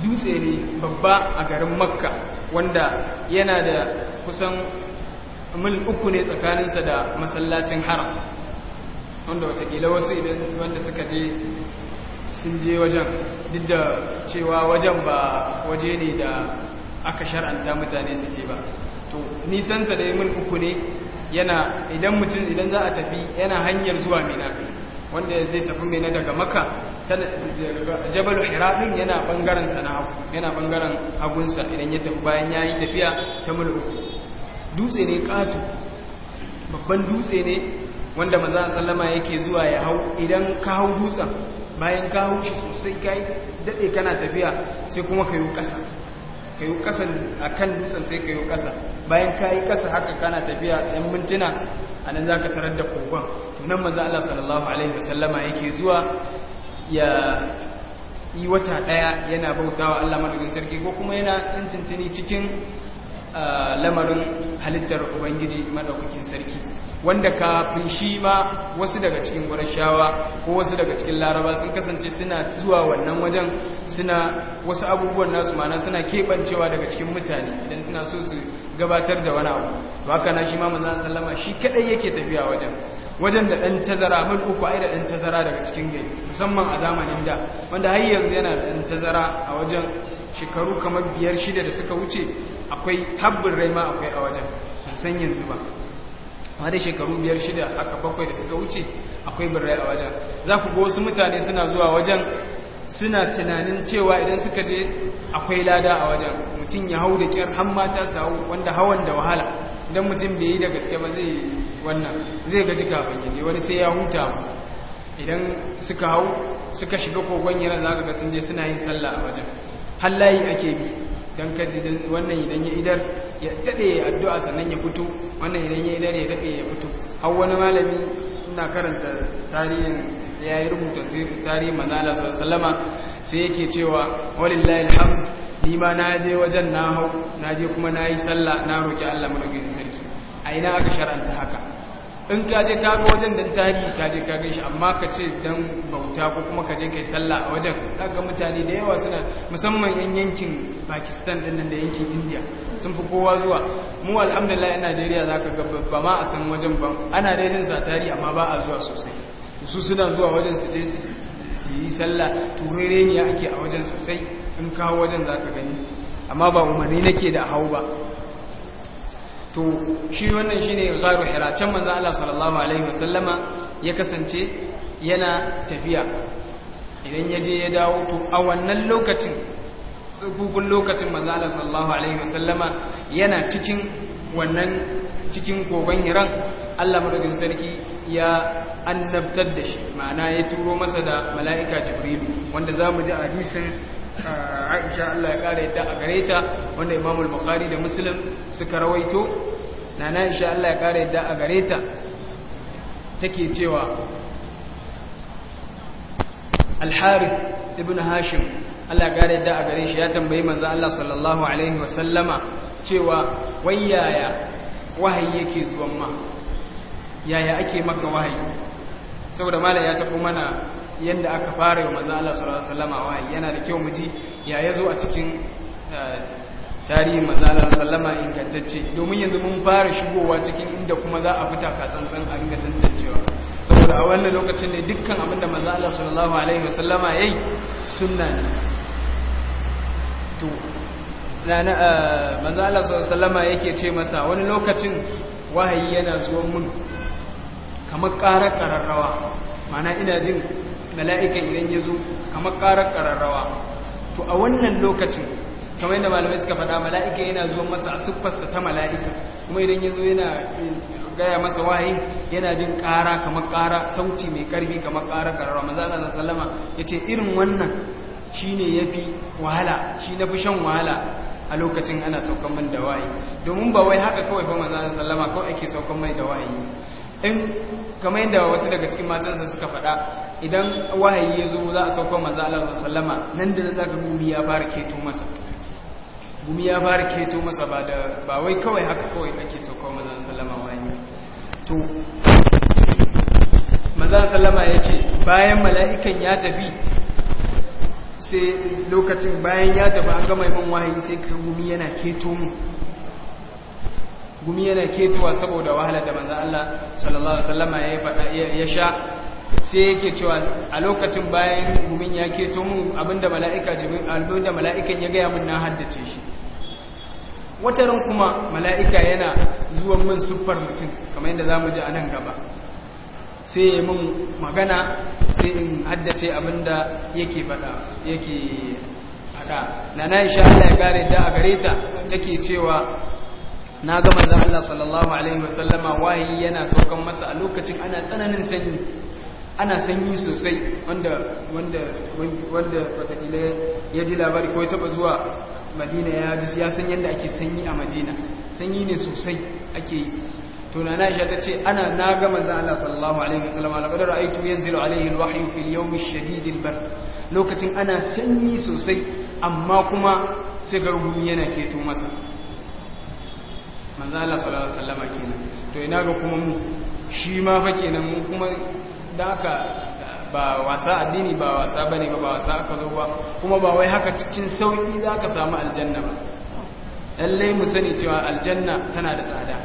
dutse ne babba a garin makka wanda yana da kusan mil uku ne tsakaninsa da masallacin haram wanda watakila wasu idan wanda suka je sun je wajen duk da cewa wajen ba waje ne da aka shar'anta mutane su ke ba to nisansa da mil uku ne yana idan mutum idan za a tafi yana hanyar zuwa mina wanda zai tafi mina daga makka. jabalu hirafin yana bangaren sana yana bangaren hagunsa idan ya tafi bayan ya yi tafiya ta mulku dutse ne katu babban dutse ne wanda maza sallama yake zuwa ya hau idan ka hau dutsen bayan ka hau shi sosai ka yi kana tafiya sai kuma ka ƙasa kai ƙasa akan dutsen sai kai ƙasa bayan ka yi ƙasa haka kana tafiya ɗan mintuna anan zaka tarar da kogon tunan maza Allah sallallahu Alaihi wasallama yake zuwa ya yi wata daya yana bautawa Allah madaukakin sarki ko kuma yana tantantini cikin lamarin halittar ubangiji madaukakin sarki wanda kafin shi ma wasu daga cikin gurashawa ko wasu daga cikin laraba sun kasance suna zuwa wannan wajen suna wasu abubuwan nasu mana suna keɓancewa daga cikin mutane idan suna so su gabatar da wani abu ba haka na shi ma manzan sallama shi kaɗai yake tafiya wajen wajen da ɗan tazara mai uku ai da ɗan tazara daga cikin gari musamman a zamanin da wanda har yanzu yana da ɗan tazara a wajen shekaru kamar biyar shida da suka wuce akwai habbin rai ma akwai a wajen ban san yanzu ba amma da shekaru biyar shida aka bakwai da suka wuce akwai bin rai a wajen za ku ga wasu mutane suna zuwa wajen suna tunanin cewa idan suka je akwai lada a wajen mutum ya hau da kyar har mata su hau wanda hawan da wahala idan mutum bai yi da gaske ba zai wannan zai gaji kafin ya je wani sai ya huta idan suka hau suka shiga kogon yana za ka sun je suna yin sallah a wajen hallayi ake bi don kaji wannan idan ya idar ya daɗe ya addu'a sannan ya fito wannan idan ya idar ya daɗe ya fito hau wani malami suna karanta tarihin ya yi rubuta tarihin manala sallama sai yake cewa walillahi alhamd ni ma na je wajen na hau na je kuma na yi sallah na roƙi allah madaukakin sarki a ina aka shar'anta haka in ka je wajen da tarihi ka je ka shi amma ka ce dan bauta ko kuma ka je kai sallah a wajen kaga mutane da yawa suna musamman yan yankin Pakistan din nan da yankin India sun fi kowa zuwa mu alhamdulillah yan Najeriya zaka ga ba ma a san wajen ba ana da jin sa tarihi amma ba a zuwa sosai su suna zuwa wajen su je su yi sallah turere ne ake a wajen sosai in kawo wajen zaka gani amma ba umarni nake da hau ba to shi wannan shi ne gharu hira can manzan Allah sallallahu alaihi wasallama ya kasance yana tafiya idan ya je ya dawo to a wannan lokacin tsugugun lokacin manzan Allah sallallahu alaihi wasallama yana cikin wannan cikin kogon hiran Allah madaukin sarki ya annabtar da shi ma'ana ya turo masa da mala'ika jibril wanda za mu ji a hadisin aisha Allah ya kare yadda a gare ta wanda imamul bukhari da muslim suka rawaito na na aisha Allah ya kare yadda a gare ta take cewa al-harith ibn hashim Allah ya kare yadda a gare shi ya tambayi manzo Allah sallallahu alaihi wa sallama cewa wayaya wahayi yake zuwan ma yaya ake maka wahayi saboda malai ya tafi mana yadda aka fara yi maza Allah sallallahu Alaihi wasallama yana da kyau muji ya ya zo a cikin eh, tarihin maza Allah sallama ingantacce domin yanzu mun fara shigowa cikin inda kuma za a fita katsantsan a inga tantancewa saboda a wannan lokacin ne dukkan abin da maza Allah sallallahu Alaihi wasallama ya yi suna ne to eh, Allah sallallahu Alaihi wasallama yake ce masa wani lokacin wahayi yana zuwa mun kamar ƙara ƙararrawa mana ina jin mala'ikan idan ya zo kamar ƙarar ƙararrawa to a wannan lokacin kamar yadda malamai suka faɗa mala'ika yana zuwa masa a siffarsa ta mala'ika kuma idan ya zo yana eh, gaya masa wahayi yana jin ƙara kamar ƙara sauti mai ƙarfi kamar ƙara ƙararrawa maza Allah salama ya ce irin wannan shi ne ya fi wahala shi na fi shan wahala a lokacin ana saukan man da wahayi domin ba wai haka kawai fa maza Allah sallama kawai ake saukan mai da wahayi in kama yadda wasu daga cikin matansa suka faɗa idan wahayi ya zo za a saukon maza Allah sallama nan da za ka gumi ya fara keto masa gumi ya fara keto masa ba da ba wai kawai haka kawai ake sauko manzo sallama wani to manzo sallama ce bayan mala'ikan ya tafi sai lokacin bayan ya tafi an gama man wahayi sai ka gumi yana keto mu gumi yana ketowa saboda wahala da manzan Allah sallallahu alaihi wasallama ya fata ya sha sai yake cewa a lokacin bayan gumin ya keto mu abinda mala'ika jibin abinda mala'ikan ya gaya mun na haddace shi wataran kuma mala'ika yana zuwa mun siffar mutum kamar yadda mu ji a nan gaba sai ya mun magana sai in haddace abinda yake fada yake na na isha Allah ya kare da a gare ta take cewa na ga manzon Allah sallallahu alaihi wasallama wahayi yana saukan masa a lokacin ana tsananin sanyi ana sanyi sosai wanda wanda wanda watakila ya ji labari ko ya taba zuwa madina ya ji ya san yadda ake sanyi a madina sanyi ne sosai ake yi to na isha ta ce ana na ga manzon Allah sallallahu alaihi wasallam laqad ra'aytu yanzilu alaihi alwahyu fil yawm ash-shadid al-bard lokacin ana sanyi sosai amma kuma sai ga yana keto masa manzo Allah sallallahu alaihi wasallama kenan to ina ga kuma mu shi ma fa kenan mu kuma da haka ba wasa addini ba wasa bane ba ba wasa aka zo ba kuma ba wai haka cikin sauki za ka samu aljanna ba lallai mu sani cewa aljanna tana da tsada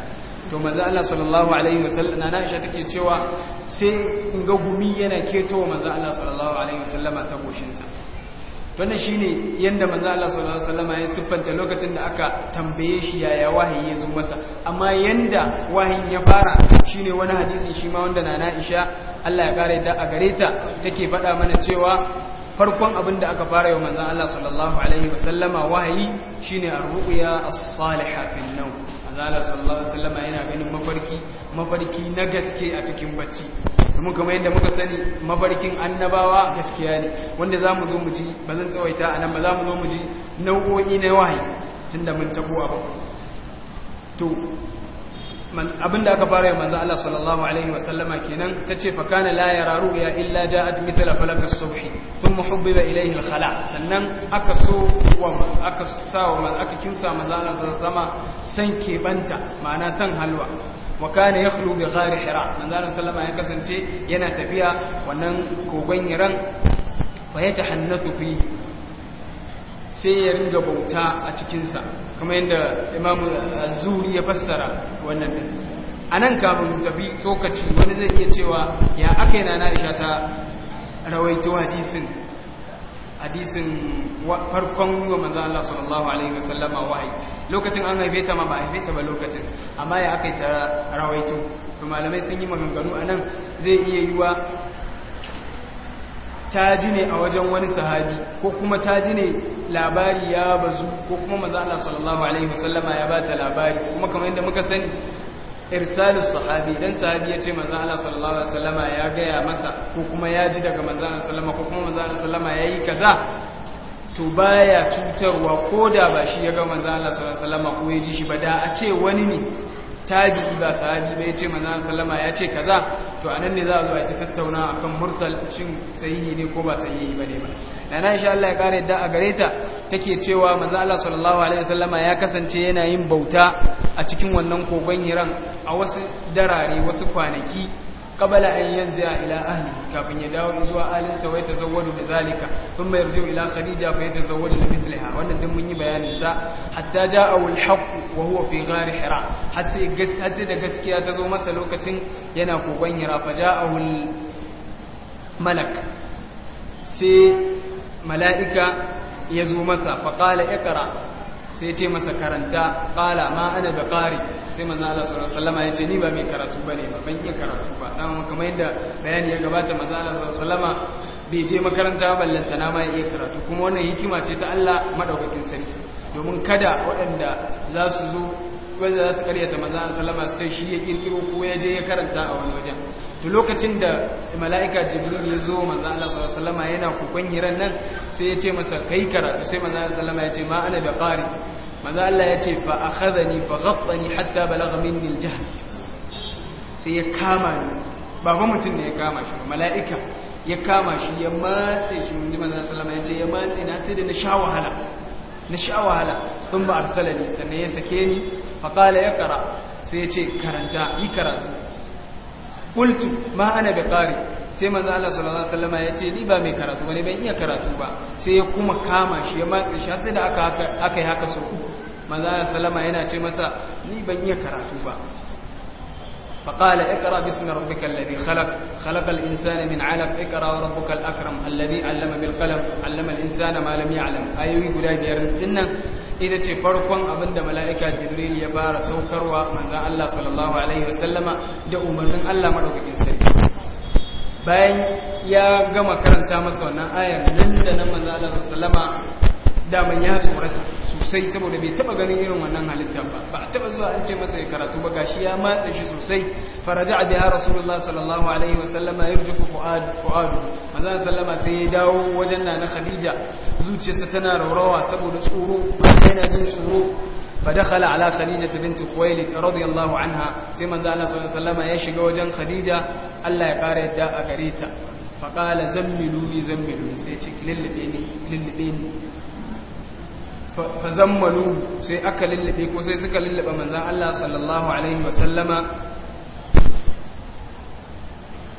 to manzo Allah sallallahu alaihi wasallam na Aisha take cewa sai in ga gumi yana ketowa manzo Allah sallallahu alaihi wasallama ta goshin sa wannan shine yanda manzo Allah sallallahu alaihi wasallam ya siffanta lokacin da aka tambaye shi yaya wahayi ya zo masa amma yanda wahayin ya fara shine wani hadisi shi ma wanda nana Aisha Allah ya kare da a ta take faɗa mana cewa farkon abin da aka fara yau manzan Allah sallallahu Alaihi wasallama wahayi shi ne a ruɓuya a saliha fin nau Allah sallallahu Alaihi wasallama yana ganin mafarki mafarki na gaske a cikin bacci domin kamar yadda muka sani mafarkin annabawa gaskiya ne wanda za mu zo mu ji ba zan tsawaita a nan ba za mu zo mu ji nau'o'i na wahayi tun da mun tabo abu to abinda aka fara yi manzo Allah sallallahu alaihi wa sallama kenan tace fa kana la yara ru'ya illa ja'at mithla falak as-subh thumma hubbiba ilayhi al-khala sannan aka so wa aka sawa aka kinsa manzo Allah sallallahu alaihi wa sallama san kebanta ma'ana san halwa wa kana yakhlu bi ghari hira manzaran sallama ya kasance yana tafiya wannan kogon hiran fa tahannatu fi sai ya ringa bauta a cikinsa kamar yadda imam azuri ya fassara wannan din anan kafin tafi tsokaci wani zai iya cewa ya aka yana na isha ta rawaito hadisin hadisin farkon wa manzo Allah sallallahu Alaihi wasallama wahayi lokacin an haife ta ma ba haife ta ba lokacin amma ya aka yi ta rawaito to malamai sun yi maganganu a nan zai iya wa. ta ji ne a wajen wani sahabi ko kuma ta ji ne labari ya bazu ko kuma maza Allah sallallahu alaihi wasallama ya ba ta labari kuma kamar yadda muka sani irsalu sahabi dan sahabi ya ce manzo Allah sallallahu alaihi wasallama ya gaya masa ko kuma ya ji daga manzo Allah wasallama ko kuma manzo Allah ya yayi kaza to baya cutarwa ko da ba shi ya ga manzo Allah sallallahu alaihi wasallam ko ya ji shi ba da a ce wani ne tabi ba sahabi ba ya ce manzo salama ya ce kaza to anan ne za a zo a ci tattauna akan mursal shin sahihi ne ko ba sahihi ba ne ba nan insha Allah ya kare da a gare ta take cewa manzo Allah sallallahu alaihi wasallama ya kasance yana yin bauta a cikin wannan kogon hiran a wasu darare wasu kwanaki qabala an yanzu ila ahli kafin ya dawo zuwa alinsa wai tazawwadu bi zalika thumma yarji'u ila khadija fa yatazawwadu bi mithliha wannan din mun yi bayanin sa hatta ja'a al haqq wa huwa fi ghar hira da gaskiya ta zo masa lokacin yana kogon hira fa ja'a al malak sai mala'ika ya zo masa fa qala iqra sai ce masa karanta kala ma ana ƙari sai maza ala sallallahu salama ya ce ni ba mai karatu ne ba ban yi karatu ba dan kamar yadda bayani ya gabata maza ala sallallahu salama bai je makaranta ballanta na ma ya iya karatu kuma wannan hikima ce ta Allah madaukakin sarki domin kada waɗanda za su zo wanda za su karyata maza ala sallallahu salama su shi ya kirkiro ko ya je ya karanta a wani wajen to lokacin da mala'ika jibril ya zo manzo Allah sallallahu alaihi yana kokon hiran nan sai ya ce masa kai karatu sai manzo Allah sallallahu alaihi ya ce ma ana bi qari manzo Allah ya ce fa ni fa ghattani hatta balagha minni al-jahd sai ya kama ni baba mutum ne ya kama shi mala'ika ya kama shi ya matse shi wani manzo sallallahu alaihi ya ce ya matse na sai da na sha wahala na sha wahala sun ba arsalani sannan ya sake ni fa qala ya kara sai ya ce karanta yi karatu kultu ma ana da ƙari sai manzo Allah sallallahu alaihi wasallam ya ce ni ba mai karatu bane ban iya karatu ba sai ya kuma kama shi ya matsa shi sai da aka yi haka so manzo Allah salama yana ce masa ni ban iya karatu ba فقال اقرا باسم ربك الذي خلق خلق الانسان من علق اقرا ربك الاكرم الذي ita ce farkon abin da mala’ika jibril ya fara saukarwa manzan Allah sallallahu da umarnin Allah maɗaukakin sai bayan ya gama karanta masa wannan ayar nan da nan manzan Allah sallallahu daman ya tsorata sosai saboda bai taba ganin irin wannan halittar ba ba taba zuwa an ce masa ya karatu ba gashi ya matsa shi sosai faraja a biya rasulullah sallallahu alaihi wasallama ya rufe fu'adu mazan sallama sai ya dawo wajen na na khadija zuciyarsa tana raurawa saboda tsoro ba sai na khadija ta fa dakhala ala khadija bint khuwailid anha sai manzo Allah sallallahu alaihi wasallama ya shiga wajen khadija Allah ya kare yadda a gareta fa qala zammilu li zammilu sai ce lillibe ni lillibe ni fazammalu sai aka lullube ko sai suka lullube manzan Allah sallallahu alaihi wasallama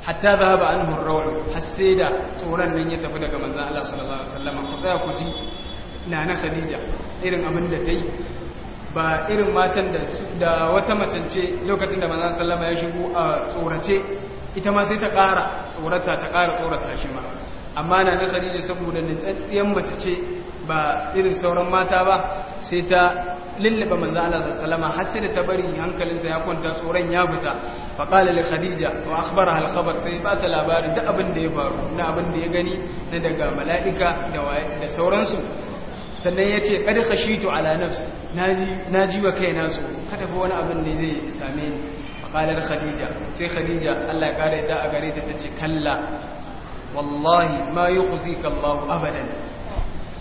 hatta za ba an hurrawar hasse da tsoron nan ya tafi daga manzan Allah sallallahu alaihi wasallama ku tsaya ku ji na na khadija irin abin da ta yi ba irin matan da wata macance lokacin da manzan sallama ya shigo a tsorace ita ma sai ta ƙara tsorata ta ƙara tsorata shi ma amma na na khadija saboda nitsatsiyan mace ce ba irin sauran mata ba sai ta lullaba manzo Allah sallama har sai da ta bari hankalinsa ya kwanta tsoron ya fita fa qala li khadija wa akhbaraha al khabar sai ba ta labari da abin da ya faru na abin da ya gani na daga mala'ika da da sauransu sannan yace qad khashitu ala nafsi naji naji wa kaina so kada fa wani abin da zai same ni fa qala khadija sai khadija Allah ya kare ta a gare ta tace kalla wallahi ma yukhzika Allah abadan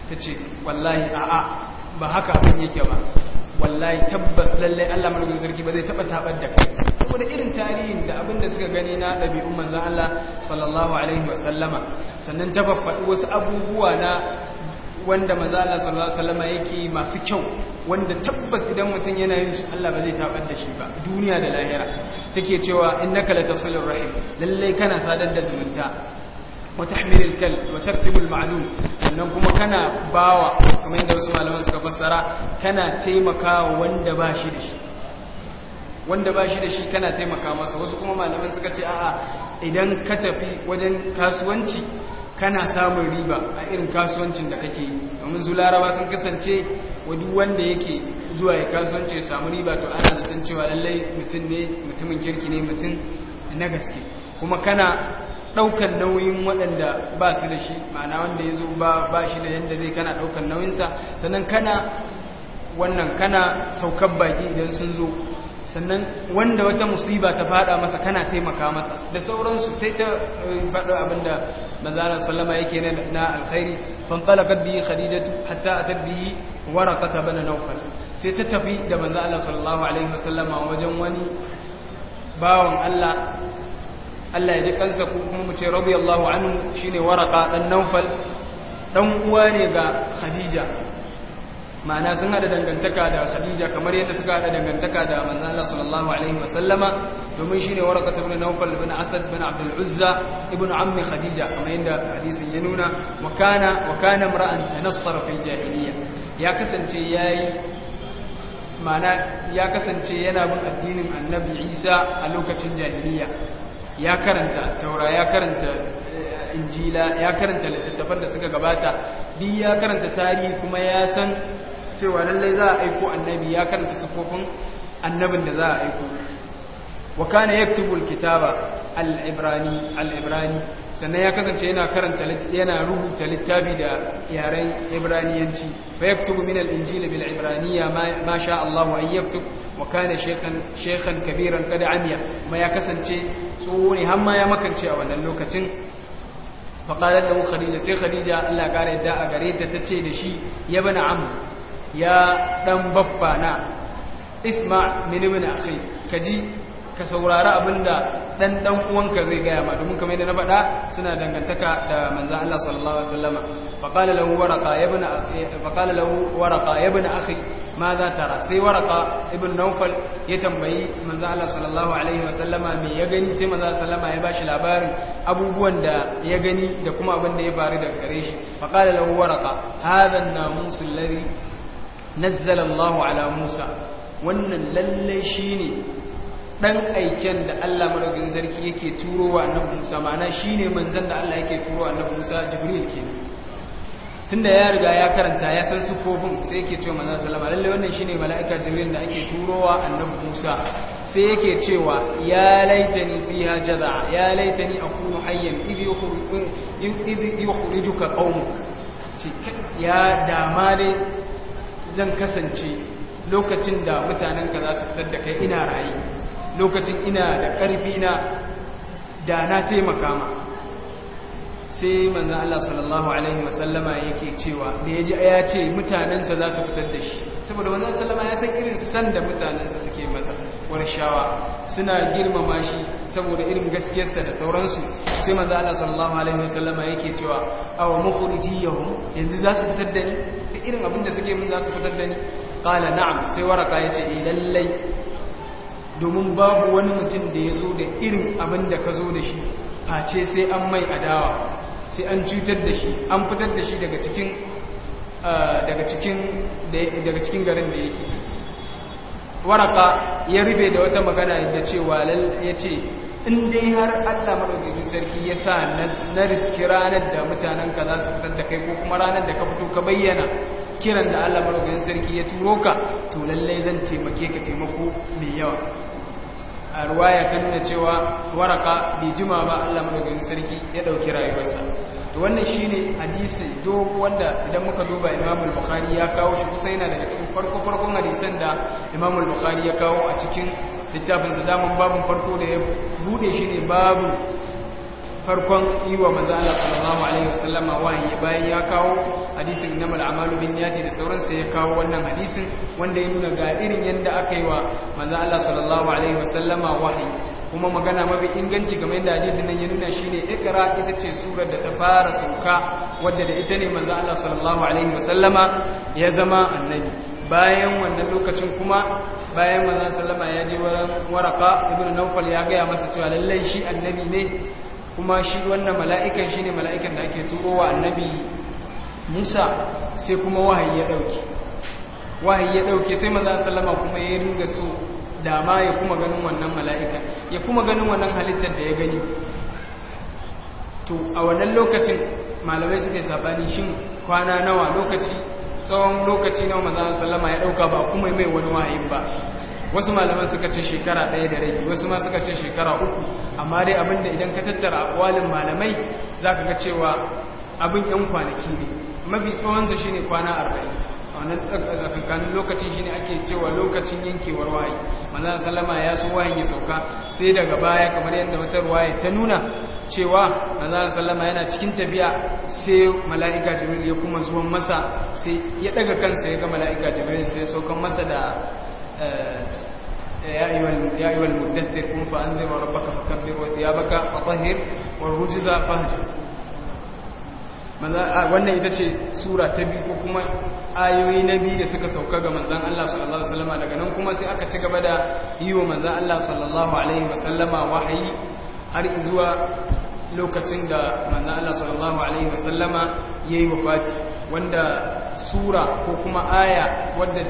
ta ce wallahi a'a ba haka abin yake ba wallahi tabbas lallai Allah mulkin zirki ba zai taba tabar da kai saboda irin tarihin da abin da suka gani na ɗabi'un manzon Allah sallallahu alaihi wa sallama sannan ta faɗi wasu abubuwa na wanda manzon Allah sallallahu alaihi wa sallama yake masu kyau wanda tabbas idan mutum yana yin shi Allah ba zai tabar da shi ba duniya da lahira take cewa in la latasilur rahim lallai kana sadar da zumunta وتحمل الكلب وتكسب المعلوم sannan kuma kana bawa kamar yadda wasu malaman suka fassara kana taimakawa wanda ba shi da shi wanda ba shi da shi kana taimaka masa wasu kuma malaman suka ce a'a idan ka tafi wajen kasuwanci kana samun riba a irin kasuwancin da kake yi domin zu laraba sun kasance wani wanda yake zuwa ya kasuwanci ya samu riba to ana zaton cewa lallai mutum ne mutumin kirki ne mutum na gaske kuma kana ɗaukan nauyin waɗanda ba su da shi ma'ana wanda ya zo ba shi da yadda zai kana ɗaukan nauyinsa sannan kana wannan kana saukan baki idan sun zo sannan wanda wata musiba ta fada masa kana taimaka masa da sauransu ta ta eh, faɗo abinda manzana sallama yake na alkhairi fanfalakar biyi khadijatu hatta a tabbiyi warakata bana naufal sai ta tafi da manzana sallallahu alaihi wasallama wajen wani bawan allah Allah ya ji kansa ko kuma mu ce radiyallahu anhu shine waraka dan naufal dan uwa ne ga khadija ma'ana sun hada dangantaka da khadija kamar yadda suka hada dangantaka da manzon Allah sallallahu alaihi wa sallama domin shine warqat ibn nawfal ibn asad ibn abdul uzza ibn ammi khadija kamar yadda hadisin ya nuna wa kana wa kana mar'an tanassara fil jahiliyya ya kasance yayi ma'ana ya kasance yana bin addinin annabi Isa a lokacin jahiliya. ya karanta taura ya karanta eh, injila ya karanta littattafan da suka gabata duk ya karanta tarihi kuma ya san cewa lallai za a aiko annabi ya karanta sukofin annabin da za a aiko wa kana yaktubul kitaba al sannan ya kasance yana karanta yana rubuta littafi da yaren ibraniyanci fa yaktubu min al-injil bil ibraniya ma sha Allah wa kana shaykhan shaykhan kabiran qad amiya ma ya kasance tsoho ne har ma ya makance a wannan lokacin fa qala lahu khadija sai khadija Allah kare da a gare ta tace da shi ya bana am ya dan babba na isma min ibn akhi kaji ka saurari abinda dan dan uwanka zai gaya ma domin kamar yadda na faɗa suna dangantaka da manzon Allah sallallahu alaihi wasallam fa qala lahu ya ibn fa qala lahu waraqa ibn akhi madha tara sai waraqa ibn nawfal ya tambayi manzon Allah sallallahu alaihi wasallama me ya gani sai manzon sallama ya shi labarin abubuwan da ya gani da kuma abin da ya faru da gare shi fa qala lahu waraqa hadha an-namus alladhi nazzala Allahu ala Musa wannan lalle shine dan aiken da Allah maragin sarki yake turowa annabi Musa mana shine manzon da Allah yake turowa annabi Musa Jibril kenan tunda ya riga ya karanta ya san sufofin sai yake cewa manzon sallama lalle wannan shine mala'ika Jibril da ake turowa annabi Musa sai yake cewa ya laitani fiha jaza ya laitani akunu hayyan idh yukhrijuka qaumuk ya dama dai zan kasance lokacin da ka za su fitar da kai ina rayu lokacin ina da ƙarfi na da na taimaka ma sai manzan Allah sallallahu Alaihi wasallama yake cewa da ya ji ya ce mutanensa za su fitar da shi saboda wannan sallama ya san irin san da mutanensa suke masa warshawa suna girmama shi saboda irin gaskiyarsa da sauransu sai manzan Allah sallallahu Alaihi wasallama yake cewa awa mafuriji yau yanzu za su fitar da ni da irin abin da suke mun za su fitar da ni kala na'am sai waraka ya ce eh, lallai domin babu wani mutum da ya zo da irin abin da ka zo da shi face sai an mai adawa sai an cutar da shi an fitar da shi daga cikin garin da yake waraka ya rufe da wata magana da cewa ya ce in dai har allah maɗaukakin sarki ya sa na riski ranar da mutanen ka za su fitar da kai ko kuma ranar da ka fito ka bayyana kiran da allah maɗaukakin sarki ya turo ka to lallai zan taimake ka taimako mai yawa a ruwaya ta nuna cewa waraka bai jima ba Allah madaukakin sarki ya dauki rayuwarsa to wannan shine hadisi do wanda idan muka duba Imam al-Bukhari ya kawo shi kusa yana daga cikin farko farkon hadisan da Imam al-Bukhari ya kawo a cikin littafin sa babun farko da ya bude shi ne babu farkon yi wa manzana sallallahu alaihi wasallama wahayi bayan ya kawo hadisin na mal'amalu bin yaji da sauransa ya kawo wannan hadisin wanda ya nuna ga irin yadda aka yi wa manzana sallallahu alaihi wasallama wahayi kuma magana mafi inganci game da hadisin nan ya nuna shine ikra ita ce surar da ta fara sauka wadda da ita ne manzana sallallahu alaihi wasallama ya zama annabi bayan wannan lokacin kuma bayan manzana sallama ya je waraka ibnu nawfal ya gaya masa cewa lallai shi annabi ne kuma shi wannan mala'ikan shi ne mala'ikan da ake turo wa annabi musa sai kuma wahayi ya ɗauki wahayi ya ɗauke sai maza salama kuma ya ringa so dama ya kuma ganin wannan mala'ika ya kuma ganin wannan halittar da ya gani to a wannan lokacin malamai suka yi sabani shin kwana nawa lokaci tsawon lokaci nawa maza salama ya ɗauka ba kuma mai wani wahayi ba wasu malaman suka ce shekara ɗaya da rai wasu ma suka ce shekara uku amma dai abinda idan ka tattara akwalin malamai za ka ga cewa abin yan kwanaki ne mafi tsawonsa shine kwana arba'in a wannan tsakankanin lokacin shine ake cewa lokacin yankewar waye manzon sallama ya so wayan ya sauka sai daga baya kamar yadda wata ruwaya ta nuna cewa manzon sallama yana cikin tafiya sai mala'ika jibril ya kuma zuwan masa sai ya daga kansa ya ga mala'ika jibril sai ya sauka masa da يا أيها المدثر قم فأنذر وربك فكبر وثيابك فطهر والرجز فهجر wannan ita ce sura ta biyu kuma ayoyi na biyu da suka sauka ga manzan Allah sallallahu alaihi wasallama daga nan kuma sai aka ci gaba da yi wa manzan Allah sallallahu alaihi wasallama wahayi har zuwa lokacin da manna Allah sallallahu alaihi wasallama yayi wafati wanda sura ko kuma aya wadda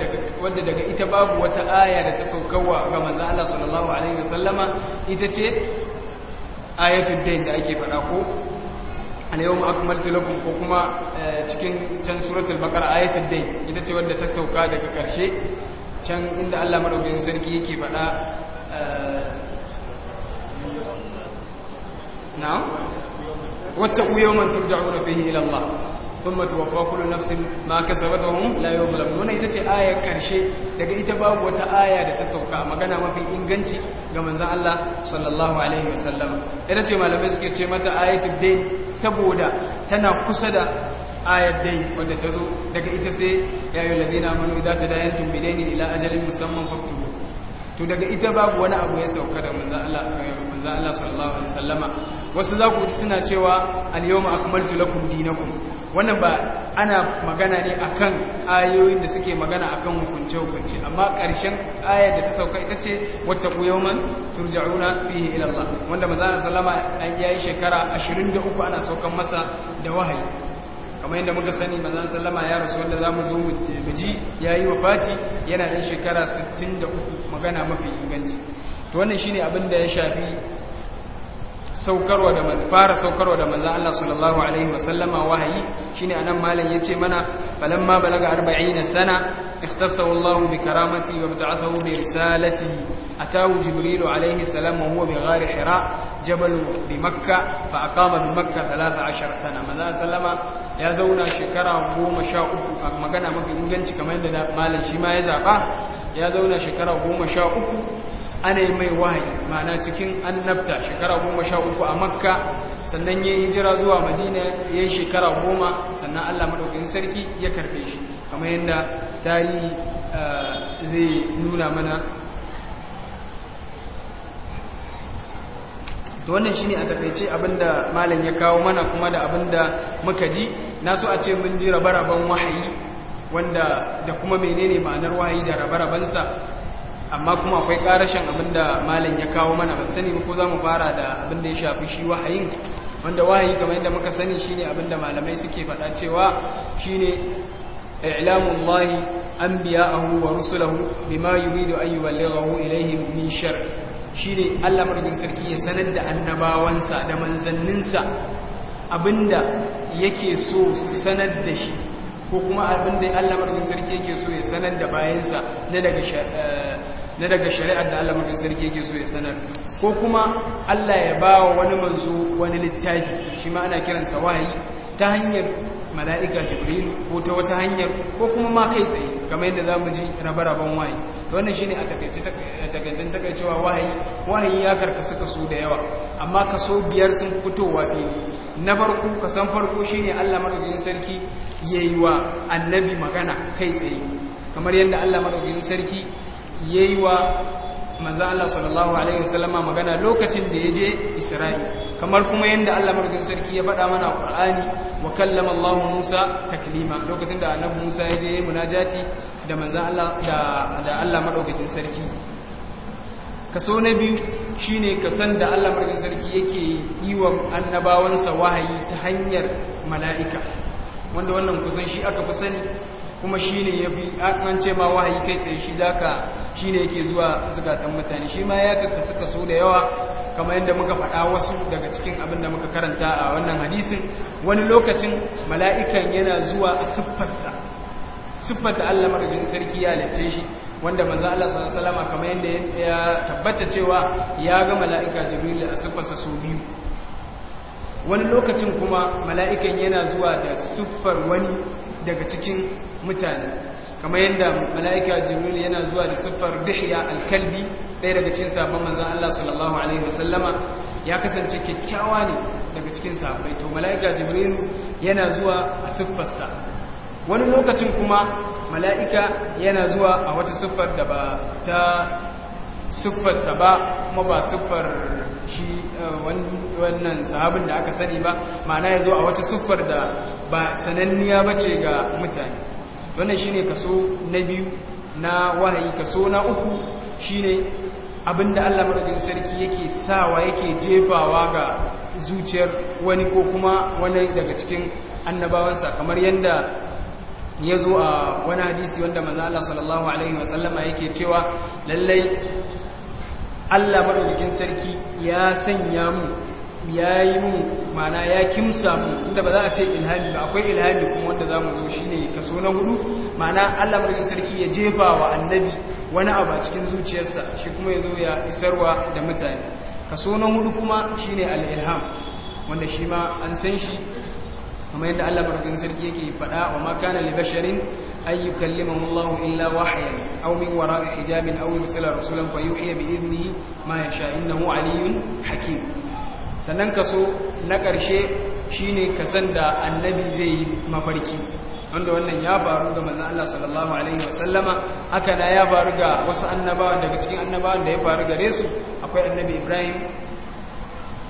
daga ita babu wata aya da ta saukarwa ga manna Allah sallallahu alaihi wasallama ita ce ayatul dain da ake fada ko al-yawma akmaltu lakum ko kuma eh, cikin can suratul baqara ayatul dain ita ce wanda ta sauka daga karshe can inda Allah madaukakin sarki yake fada eh, na'am wattaqu yawman turja'una fihi ila Allah thumma tuwaffa kullu nafsin ma kasabat wa hum la yuzlamun ita ce aya karshe daga ita babu wata aya da ta sauka magana mafi inganci ga manzon Allah sallallahu alaihi wasallam ita ce malamai suke ce mata ayati dai saboda tana kusa da ayat dai wanda ta zo daga ita sai ya yi ladina manu idza tadayantum bidaini ila ajalin musamman faktubu to daga ita babu wani abu ya sauka da manzo Allah sallallahu alaihi wasallama wasu za ku suna cewa al-yawma akmaltu lakum dinakum wannan ba ana magana ne akan ayoyin da suke magana akan hukunce hukunce amma ƙarshen ayar da ta sauka ita ce wata yawman turja'una fihi ila Allah wanda manzo Allah sallama an yayi shekara 23 ana saukan masa da wahayi kamar yadda muka sani mazan sallama ya rasu wanda za mu zo mu ji wa fati yana da shekara 63 magana mafi inganci to wannan shine abin da ya shafi saukarwa da fara saukarwa da manzon Allah sallallahu alaihi wasallama wahayi shine anan malam yace mana falamma balaga 40 sana ikhtassahu Allah bi karamati wa ba'athahu bi risalatihi atahu jibril alaihi salam wa huwa bi ghar hira jabal bi makkah fa aqama bi makkah 13 sana manzon sallama ya zauna shekara 13 magana mafi inganci kamar yadda malam shi ma ya zaba ya zauna shekara 13 ana yi mai wahayi mana cikin annabta shekara goma sha uku a makka sannan ya yi jira zuwa madina ya yi shekara goma sannan allah maɗaukin sarki ya karfe shi kamar yadda tarihi ah, zai nuna mana da wannan shi ne a takaice abinda malam ya kawo mana kuma da abinda muka ji na so a ce mun ji rabaraban wahayi wanda da kuma menene ma'anar wahayi da rabarabansa amma kuma akwai karashin abinda malam ya kawo mana ban sani ko za mu fara da abinda ya shafi shi wahayin wanda wahayi kamar yadda muka sani shine abinda malamai suke faɗa cewa shine i'lamullahi anbiya'ahu wa rusulahu bima yuridu an yuballighahu ilayhim min shar shine Allah madaukakin sarki ya sanar da annabawansa da manzanninsa abinda yake so su sanar da shi ko kuma abinda Allah madaukakin sarki yake so ya sanar da bayansa na daga eh, na daga shari'ar da Allah mafi sarki yake so ya sanar ko kuma Allah ya ba wa wani manzo wani littafi shi ma ana kiransa wahayi ta hanyar mala'ika jibril ko ta wata hanyar ko kuma ma kai tsaye kamar yadda zamu ji rabe-raben wahayi to wannan shi ne a ta cewa wahayi wahayi ya karkasu kaso da yawa amma kaso biyar sun fitowa fili na farko kasan farko shi ne allah madaukakin sarki ya wa annabi magana kai tsaye kamar yadda allah madaukakin sarki yayi wa manzo Allah sallallahu alaihi wasallama magana lokacin da ya je Isra'i kamar kuma yadda Allah madaukakin sarki ya faɗa mana a wa kallama Allah Musa taklima lokacin da annabu Musa ya je munajati da manzo Allah da Allah madaukakin sarki kaso na biyu shi shine kasan da Allah madaukakin sarki yake yi wa annabawansa wahayi ta hanyar mala'ika wanda wannan kusan shi aka fi sani kuma shi ne ya fi an ce ma wahayi kai tsaye shi ka shi ne yake zuwa zukatan mutane shi ma ya kakka suka so da yawa kama yadda muka faɗa wasu daga cikin abin da muka karanta a wannan hadisin wani lokacin mala'ikan yana zuwa a siffarsa siffar da Allah madadin sarki ya lalce shi wanda manzo Allah sallallahu alaihi wasallam kamar yadda ya tabbata cewa ya ga mala'ika Jibril a siffarsa so biyu wani lokacin kuma mala'ikan yana zuwa da siffar wani daga cikin mutane kamar yadda mala'ika jibril yana zuwa da siffar dihya alkalbi ɗaya daga cikin sabon manzan Allah sallallahu alaihi wasallama ya kasance kyakkyawa ne daga cikin sabai to mala'ika jibril yana zuwa a siffarsa wani lokacin kuma mala'ika yana zuwa a wata siffar da ba ta siffarsa ba kuma ba siffar shi eh, wannan sahabin da aka sani ba mana ya zo a wata siffar da ba sananniya ba ce ga mutane wannan shi ne kaso na biyu na wahayi kaso na uku shi ne abinda Allah madaukakin sarki yake sawa yake jefawa ga zuciyar wani ko kuma wani daga cikin annabawansa kamar yadda ya zo a wani hadisi wanda manzo sallallahu alaihi wasallama yake cewa lallai Allah madaukakin sarki ya sanya mu ya yi mu mana ya kimsa inda ba za a ce ilhami ba akwai ilhami kuma wanda za mu zo shi ne kaso na hudu mana allah mulkin sarki ya jefa wa annabi wani abu a cikin zuciyarsa shi kuma ya zo ya isarwa da mutane kaso na hudu kuma shi ne al'ilham wanda shi ma an san shi kamar yadda allah mulkin sarki yake faɗa wa makana libasharin أن يكلمه الله إلا وحيا أو من وراء حجاب أو يرسل رسولا فيوحي بإذنه ما يشاء إنه علي حكيم sannan kaso na ƙarshe shi ne ka san da annabi zai yi mafarki wanda wannan ya faru ga manzan Allah sallallahu alaihi wasallama haka na ya faru ga wasu annabawan daga cikin annabawan da ya faru gare su akwai annabi Ibrahim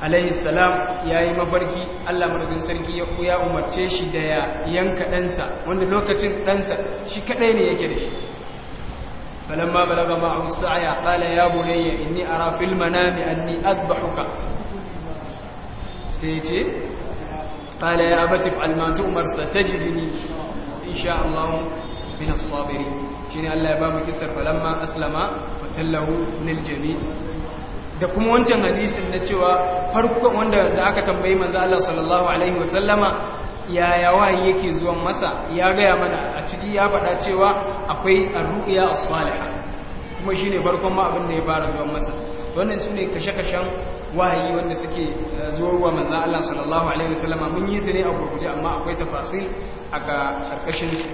alaihi salam ya yi mafarki Allah marugin sarki ya umarce shi da ya yanka ɗansa wanda lokacin ɗansa shi kaɗai ne yake da shi فلما بلغ معه السعي قال يا بني إني أرى في المنام أني أذبحك sai ce ƙala ya almatu umarsa ta umar satajidni insha Allah bin as shi shine Allah ya ba mu kisar falamma aslama fatallahu nil jami da kuma wancan hadisin na cewa farko wanda da aka tambayi manzo Allah sallallahu alaihi wasallama yaya wahayi yake zuwan masa ya gaya mana a ciki ya faɗa cewa akwai arruya as-salihah kuma shine farkon ma abin da ya fara zuwan masa wannan su ne kashe-kashen wahayi wanda suke eh, zuwa manzan Allah sallallahu Alaihi wasallama mun yi su ne a gurguje amma akwai tafasil a ga ƙarƙashinsu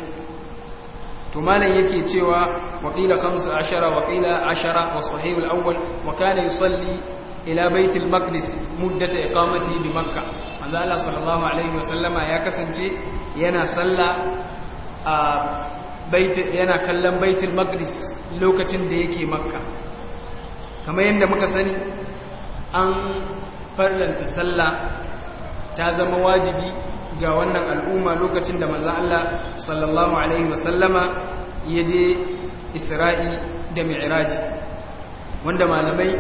tumanin yake cewa waƙila 15 waƙila 10 wa sahihul awwal wa kana yusalli ila baitul maqdis muddata iqamati bi makkah manzo Allah sallallahu alaihi wa sallama ya kasance yana salla a bait yana kallon baitul maqdis lokacin da yake makka kamar yadda muka sani an farlanta sallah ta zama wajibi ga wannan al'umma lokacin da manzo Allah sallallahu alaihi wasallama ya je Isra'i da Mi'raj wanda malamai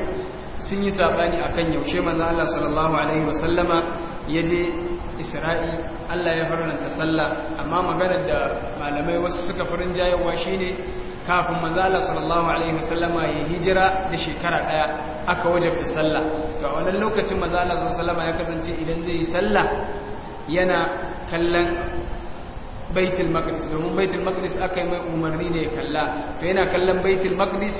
sun yi sabani akan yaushe manzo Allah sallallahu alaihi wasallama ya je Isra'i Allah ya farlanta sallah amma maganar da malamai wasu suka farin jayewa shine kafin manzala sallallahu alaihi wasallama ya hijira da shekara daya aka wajabta sallah to a wannan lokacin manzala sallallahu ya kasance idan zai yi sallah yana kallon baitul maqdis domin baitul maqdis aka yi mai umarni da ya kalla to yana kallon baitul maqdis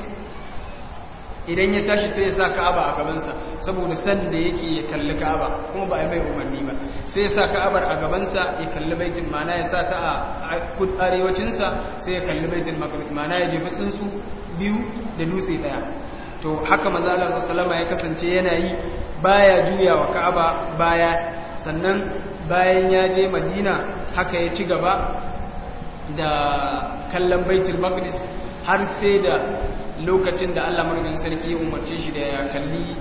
idan ya tashi sai ya sa ka'aba a gabansa saboda san da yake ya kalli ka'aba kuma ba a mai umarni ba sai ya sa ka'abar a gabansa ya kalli baitin mana ya sa ta a arewacinsa sai ya kalli baitin makaris mana ya jefi tsuntsu biyu da dutse daya to haka maza Allah salama ya kasance yana yi baya wa ka'aba baya sannan bayan ya je madina haka ya ci gaba da kallon baitin maqdis har sai da lokacin da Allah madaukakin sarki ya umarce shi da ya kalli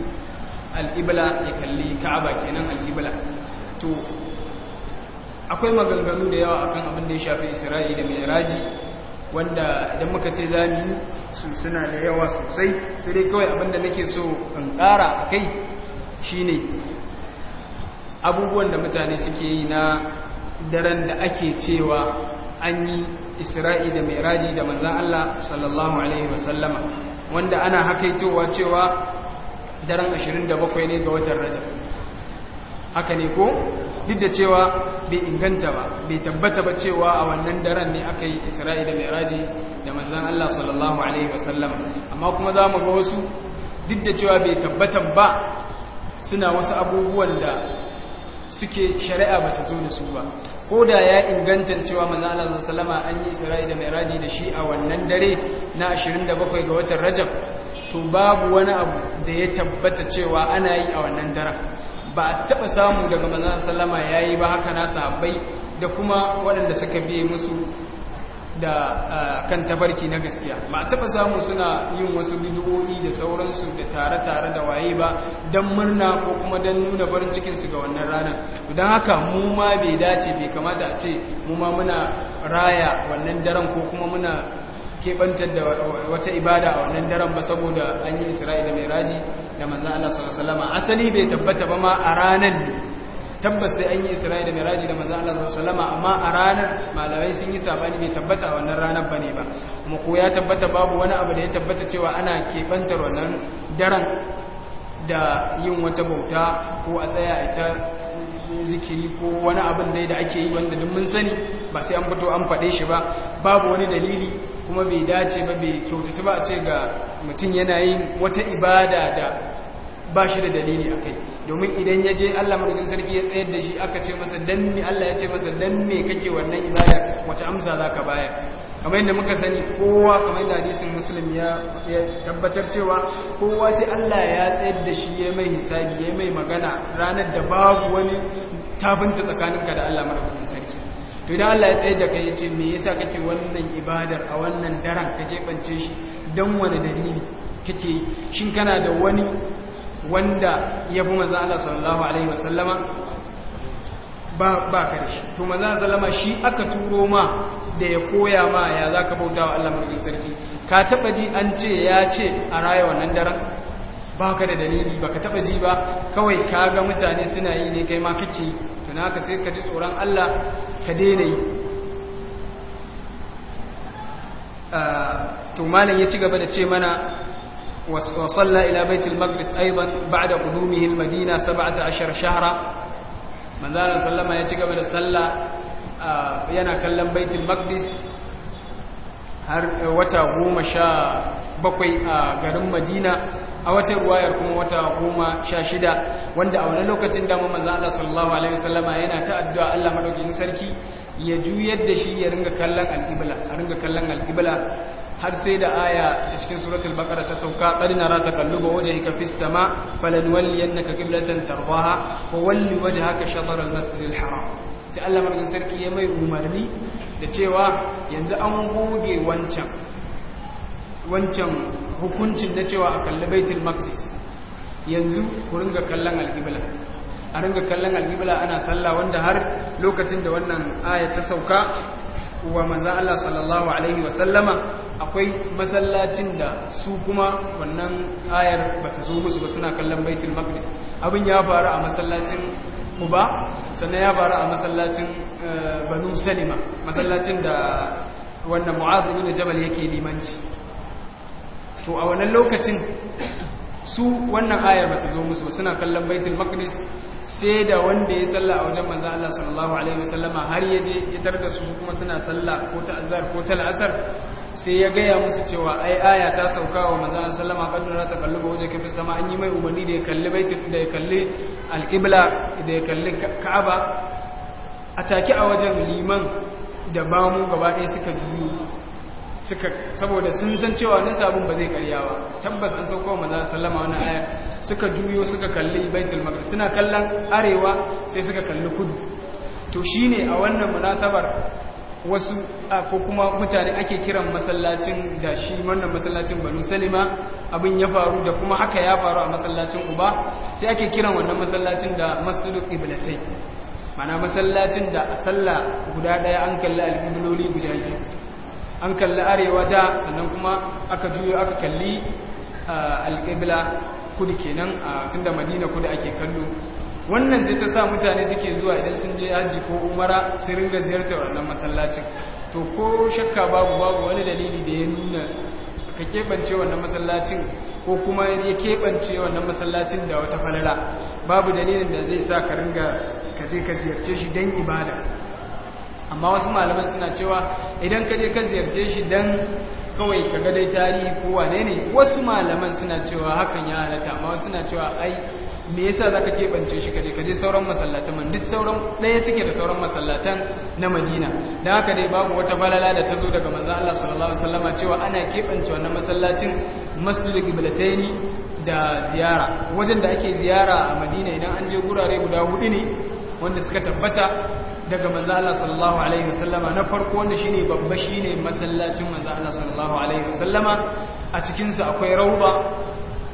al'ibla ya kalli ka'aba kenan al'ibla. to akwai maganganu da yawa akan abin da ya shafi isra'i da mai wanda idan muka ce za mu yi suna da yawa sosai sai dai kawai abin da nake so in ƙara a kai shine abubuwan da mutane suke yi na daren da ake cewa an yi isra'i da Raji da manzan Allah sallallahu alaihi wasallama wanda ana hakaitowa cewa daren 27 ne ga watan rajab haka ne ko duk da cewa bai inganta ba bai tabbata ba cewa a wannan daren ne aka yi isra'i da mi'raji da manzan Allah sallallahu alaihi wasallam amma kuma za mu ga wasu duk da cewa bai tabbata ba suna wasu abubuwan da suke shari'a ba ta zo da su ba ko da ya inganta cewa manzan Allah sallallahu alaihi an yi isra'i da mi'raji da shi a wannan dare na 27 ga watan Rajab to babu wani abu da ya tabbata cewa ana yi a wannan daren ba a taɓa samu daga manzan sallama ya yi ba haka na bai da kuma waɗanda suka biye musu da kan tabarci na gaskiya ba a taɓa samu suna yin wasu bidu'o'i da sauransu da tare-tare da waye ba don murna ko kuma don nuna barin cikinsu ga wannan ranar don haka mu ma bai dace bai kamata a ce mu ma muna raya wannan daren ko kuma muna keɓantar da wata ibada a wannan daren ba saboda an yi isra'ila mai raji da manzan Allah sallallahu alaihi asali bai tabbata ba ma a ranar ne tabbas sai an yi da Miraji da manzan Allah sallallahu alaihi amma a ranar malamai sun yi sabani bai tabbata a wannan ranar bane ba mu ko ya tabbata babu wani abu da ya tabbata cewa ana kebantar wannan daren da yin wata bauta ko a tsaya a ita zikiri ko wani abin dai da ake yi wanda duk mun sani ba sai an fito an faɗe shi ba babu wani dalili kuma bai dace ba bai kyautatu ba a ce ga mutum yana yin wata ibada da ba shi da dalili a kai domin idan ya je Allah madaukin sarki ya tsayar da shi aka ce masa dan me Allah ya ce masa dan me kake wannan ibada wace amsa za ka baya kamar yadda muka sani kowa kamar yadda hadisin muslim ya tabbatar cewa kowa sai Allah ya tsayar da shi ya mai hisabi ya mai magana ranar da babu wani tabinta tsakaninka da Allah madaukin sarki to idan Allah ya tsayar da kai ya ce me yasa kake wannan ibadar a wannan daren ka jeɓance shi dan wani dalili kake shin kana da wani wanda ya fi maza Allah sallallahu Alaihi wasallama ba karshe to maza sallama shi aka turo ma da ya koya ma ya za ka bauta wa Allah mulkin sarki ka taba ji an ce ya ce a raya wannan daren ba ka da dalili ba ka taba ji ba kawai ka ga mutane suna yi ne kai ma kake to na ka sai ka ji tsoron Allah ka daina yi ah, to malam ya ci gaba da ce mana وصلى إلى بيت المقدس أيضا بعد قدومه المدينة سبعة عشر شهرا من ذلك صلى الله عليه وسلم صلى بيت المقدس wata goma sha bakwai a garin madina a wata ruwayar kuma wata goma sha shida wanda a wani lokacin damu manzan Allah sallallahu Alaihi wasallama yana ta addu'a Allah maɗaukin sarki ya juyar da shi ya ringa kallon al'ibla ringa kallon har sai da aya cikin suratul baqara ta sauka qad nara taqalluba wajhika fis sama falanwalliyannaka qiblatan tardaha fawalli wajhaka shatr al masjid al haram sai Allah madaukakin sarki ya mai umarni da cewa yanzu an goge wancan wancan hukuncin na cewa a kalli baitul maqdis yanzu ku ringa kallon alqibla a ringa kallon alqibla ana sallah wanda har lokacin da wannan aya ta sauka wa manzo Allah sallallahu alaihi wa sallama akwai masallacin da su kuma wannan ayar ba ta zo musu ba suna kallon baitul maqdis abin ya faru a masallacin kuba sannan ya faru a masallacin eh, banu salima masallacin da wannan mu'adh da jabal yake limanci to a wannan lokacin su wannan ayar ba ta zo musu ba suna kallon baitul maqdis sai da wanda ya salla a wajen manzo Allah sallallahu alaihi wasallama har yaje ya tarda su kuma suna salla ko ta azhar ko ta al'asr sai ya gaya musu cewa ai aya ta sauka wa manzon sallama kaddara ta kalluba waje kafi sama an yi mai umarni da ya kalli baiti da ya kalli alqibla da ya kalli ka'aba ataki a wajen liman da bamu gaba ɗaya suka juyo suka saboda sun san cewa nan sabon ba zai karyawa ba tabbas an wa manzon sallama wannan aya suka juyo suka kalli baitul maqdis suna kallon arewa sai suka kalli kudu to shine a wannan munasabar wasu ko kuma mutane ake kiran masallacin da shi wannan masallacin banu salima abin ya faru da kuma haka ya faru a masallacin uba sai ake kiran wannan masallacin da masjidul iblatai mana masallacin da a sallah guda daya an kalli alƙibloli guda biyu an kalli arewa da sannan kuma aka juyo aka kalli alƙibla kudu kenan a tunda madina kudu ake kallo wannan sai ta sa mutane suke zuwa idan sun je hajji ko umara su ringa ziyartar wannan masallacin to ko shakka babu babu wani dalili da ya nuna ka keɓance wannan masallacin ko kuma ya keɓance wannan masallacin da wata falala babu dalilin da zai sa ka ringa ka je ka ziyarce shi don ibada amma wasu malaman suna cewa idan ka je ka ziyarce shi don kawai ka ga dai tarihi ko wane ne wasu malaman suna cewa hakan ya halatta amma wasu suna cewa ai me yasa zaka kebance shi kaje kaje sauran masallatan man duk sauran daya suke da sauran masallatan na Madina dan haka dai babu wata balala da tazo daga manzon Allah sallallahu alaihi wasallama cewa ana kebance wannan masallacin Masjidul Qiblataini da ziyara wajen da ake ziyara a Madina idan an je gurare guda hudu ne wanda suka tabbata daga manzo Allah sallallahu alaihi wasallama na farko wanda shine babba shine masallacin manzo Allah sallallahu alaihi wasallama a cikin sa akwai rauba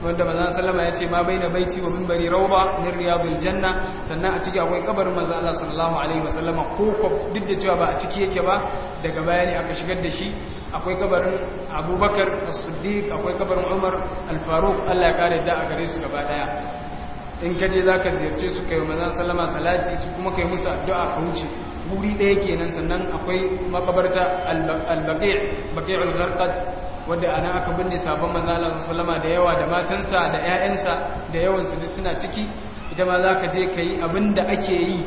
wanda manzon sallama ya ce ma baina baiti wa minbari rawba min riyadil janna sannan a ciki akwai kabarin manzon Allah sallallahu alaihi wasallama ko ko duk da cewa ba a ciki yake ba daga bayani aka shigar da shi akwai kabarin Abubakar As-Siddiq akwai kabarin Umar Al-Faruq Allah ya kare da a gare su gaba daya in kaje zaka ziyarce su kai manzon sallama salati su kuma kai musu addu'a ka wuce guri ɗaya kenan sannan akwai makabarta al-baqi' gharqad wadda ana aka binne sabon manzala sallama da yawa da matansa da 'ya'yansa da yawansu duk suna ciki ita ma za ka je ka yi abin da ake yi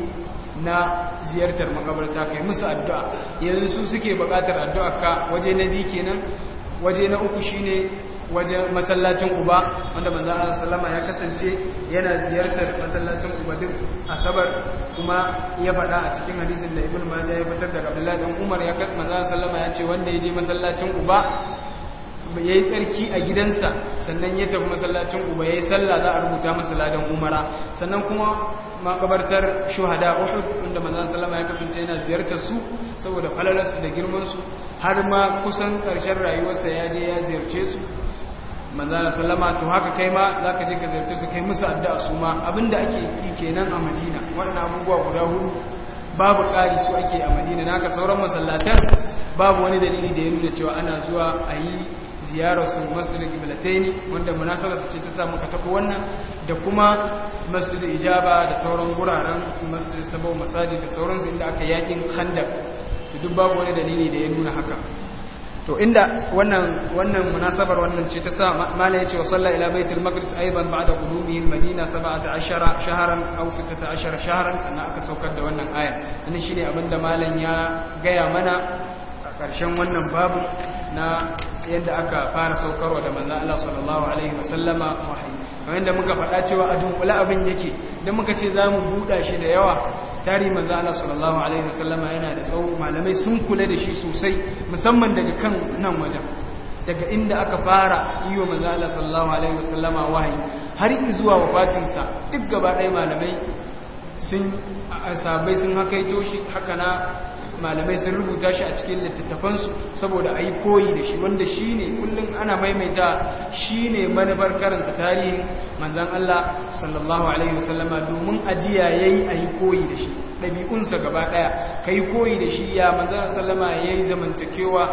na ziyartar makabarta kai musu addu'a yanzu su suke bukatar addu'a ka waje na biyu kenan waje na uku shine waje masallacin uba wanda manzo sallama ya kasance yana ziyartar masallacin uba din asabar kuma ya faɗa a cikin hadisin da Ibn Majah ya fitar daga Abdullah bin Umar ya kasance sallama ya ce wanda ya je masallacin uba ya yi tsarki a gidansa sannan ya tafi masallacin uba ya yi sallah za a rubuta masa don umara sannan kuma makabartar shuhada uhud inda manzan salama ya kasance yana ziyartar su saboda falalarsu da girmansu har ma kusan karshen rayuwarsa ya je ya ziyarce su manzan salama to haka kai ma za ka je ka ziyarce su kai musu addu'a su ma abinda ake yi kenan a madina waɗannan abubuwa guda hudu babu ƙari su ake a madina naka sauran masallatan babu wani dalili da ya nuna cewa ana zuwa a yi ziyarar su masul giblataini wanda munasara ce ta samu katako wannan da kuma masul ijaba da sauran guraren masu masul sabau masaji da sauransu inda aka yakin khandaq to duk babu wani dalili da ya nuna haka to inda wannan wannan munasabar wannan ce ta sa mala yace wa aiban ila da maqdis madina ba'da qudumihi ashara 17 shahran ta ashara shahran sannan aka saukar da wannan aya wannan shine abinda malan ya gaya mana a ƙarshen wannan babu na yadda aka fara saukarwa da manzan Allah sallallahu Alaihi wasallama wahayi kamar yadda muka faɗa cewa a dunkula abin yake don muka ce za mu buɗa shi da yawa tari manzan Allah sallallahu Alaihi wasallama yana da tsawo malamai sun kula da shi sosai musamman daga kan nan wajen daga inda aka fara yi wa manzan Allah sallallahu Alaihi wasallama wahayi har zuwa wafatinsa duk gaba ɗaya malamai sun sabai sun hakaito shi haka na malamai sun rubuta shi a cikin littattafansu saboda a yi koyi da shi wanda shi ne kullum ana maimaita shi ne manufar karanta tarihin manzan Allah sallallahu alaihi wasallama domin ajiya ya yi a yi koyi da shi ɗabi'unsa gaba ɗaya ka yi koyi da shi ya manzan sallama ya yi zamantakewa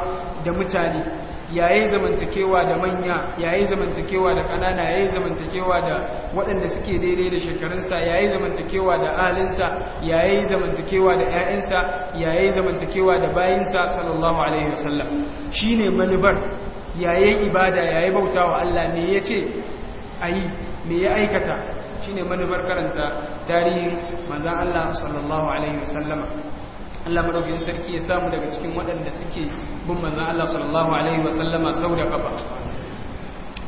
da mutane yayin zamantakewa da manya yayin zamantakewa da kanana yayin zamantakewa da waɗanda suke daidai da shekarunsa yayin zamantakewa da ahalinsa yayin zamantakewa da ƴaƴansa yayin zamantakewa da bayinsa sallallahu alaihi wasallam shine manufar yayin ibada yayin bautawa Allah me yace ayi me ya aikata shine manubar karanta tarihin manzon Allah sallallahu alaihi wasallama Allah madaukakin sarki ya samu daga cikin waɗanda suke bin manzon Allah sallallahu alaihi wa sallama sau da kafa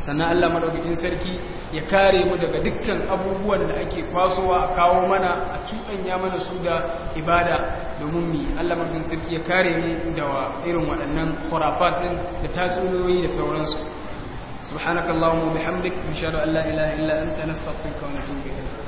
sannan Allah madaukakin sarki ya kare mu daga dukkan abubuwan da ake kwasowa a kawo mana a cuɗanya mana su da ibada domin mi Allah madaukakin sarki ya kare mu da irin waɗannan khurafat din da tatsuniyoyi da sauransu subhanakallahumma bihamdik nashhadu an la ilaha illa anta nastaghfiruka wa natubu ilayk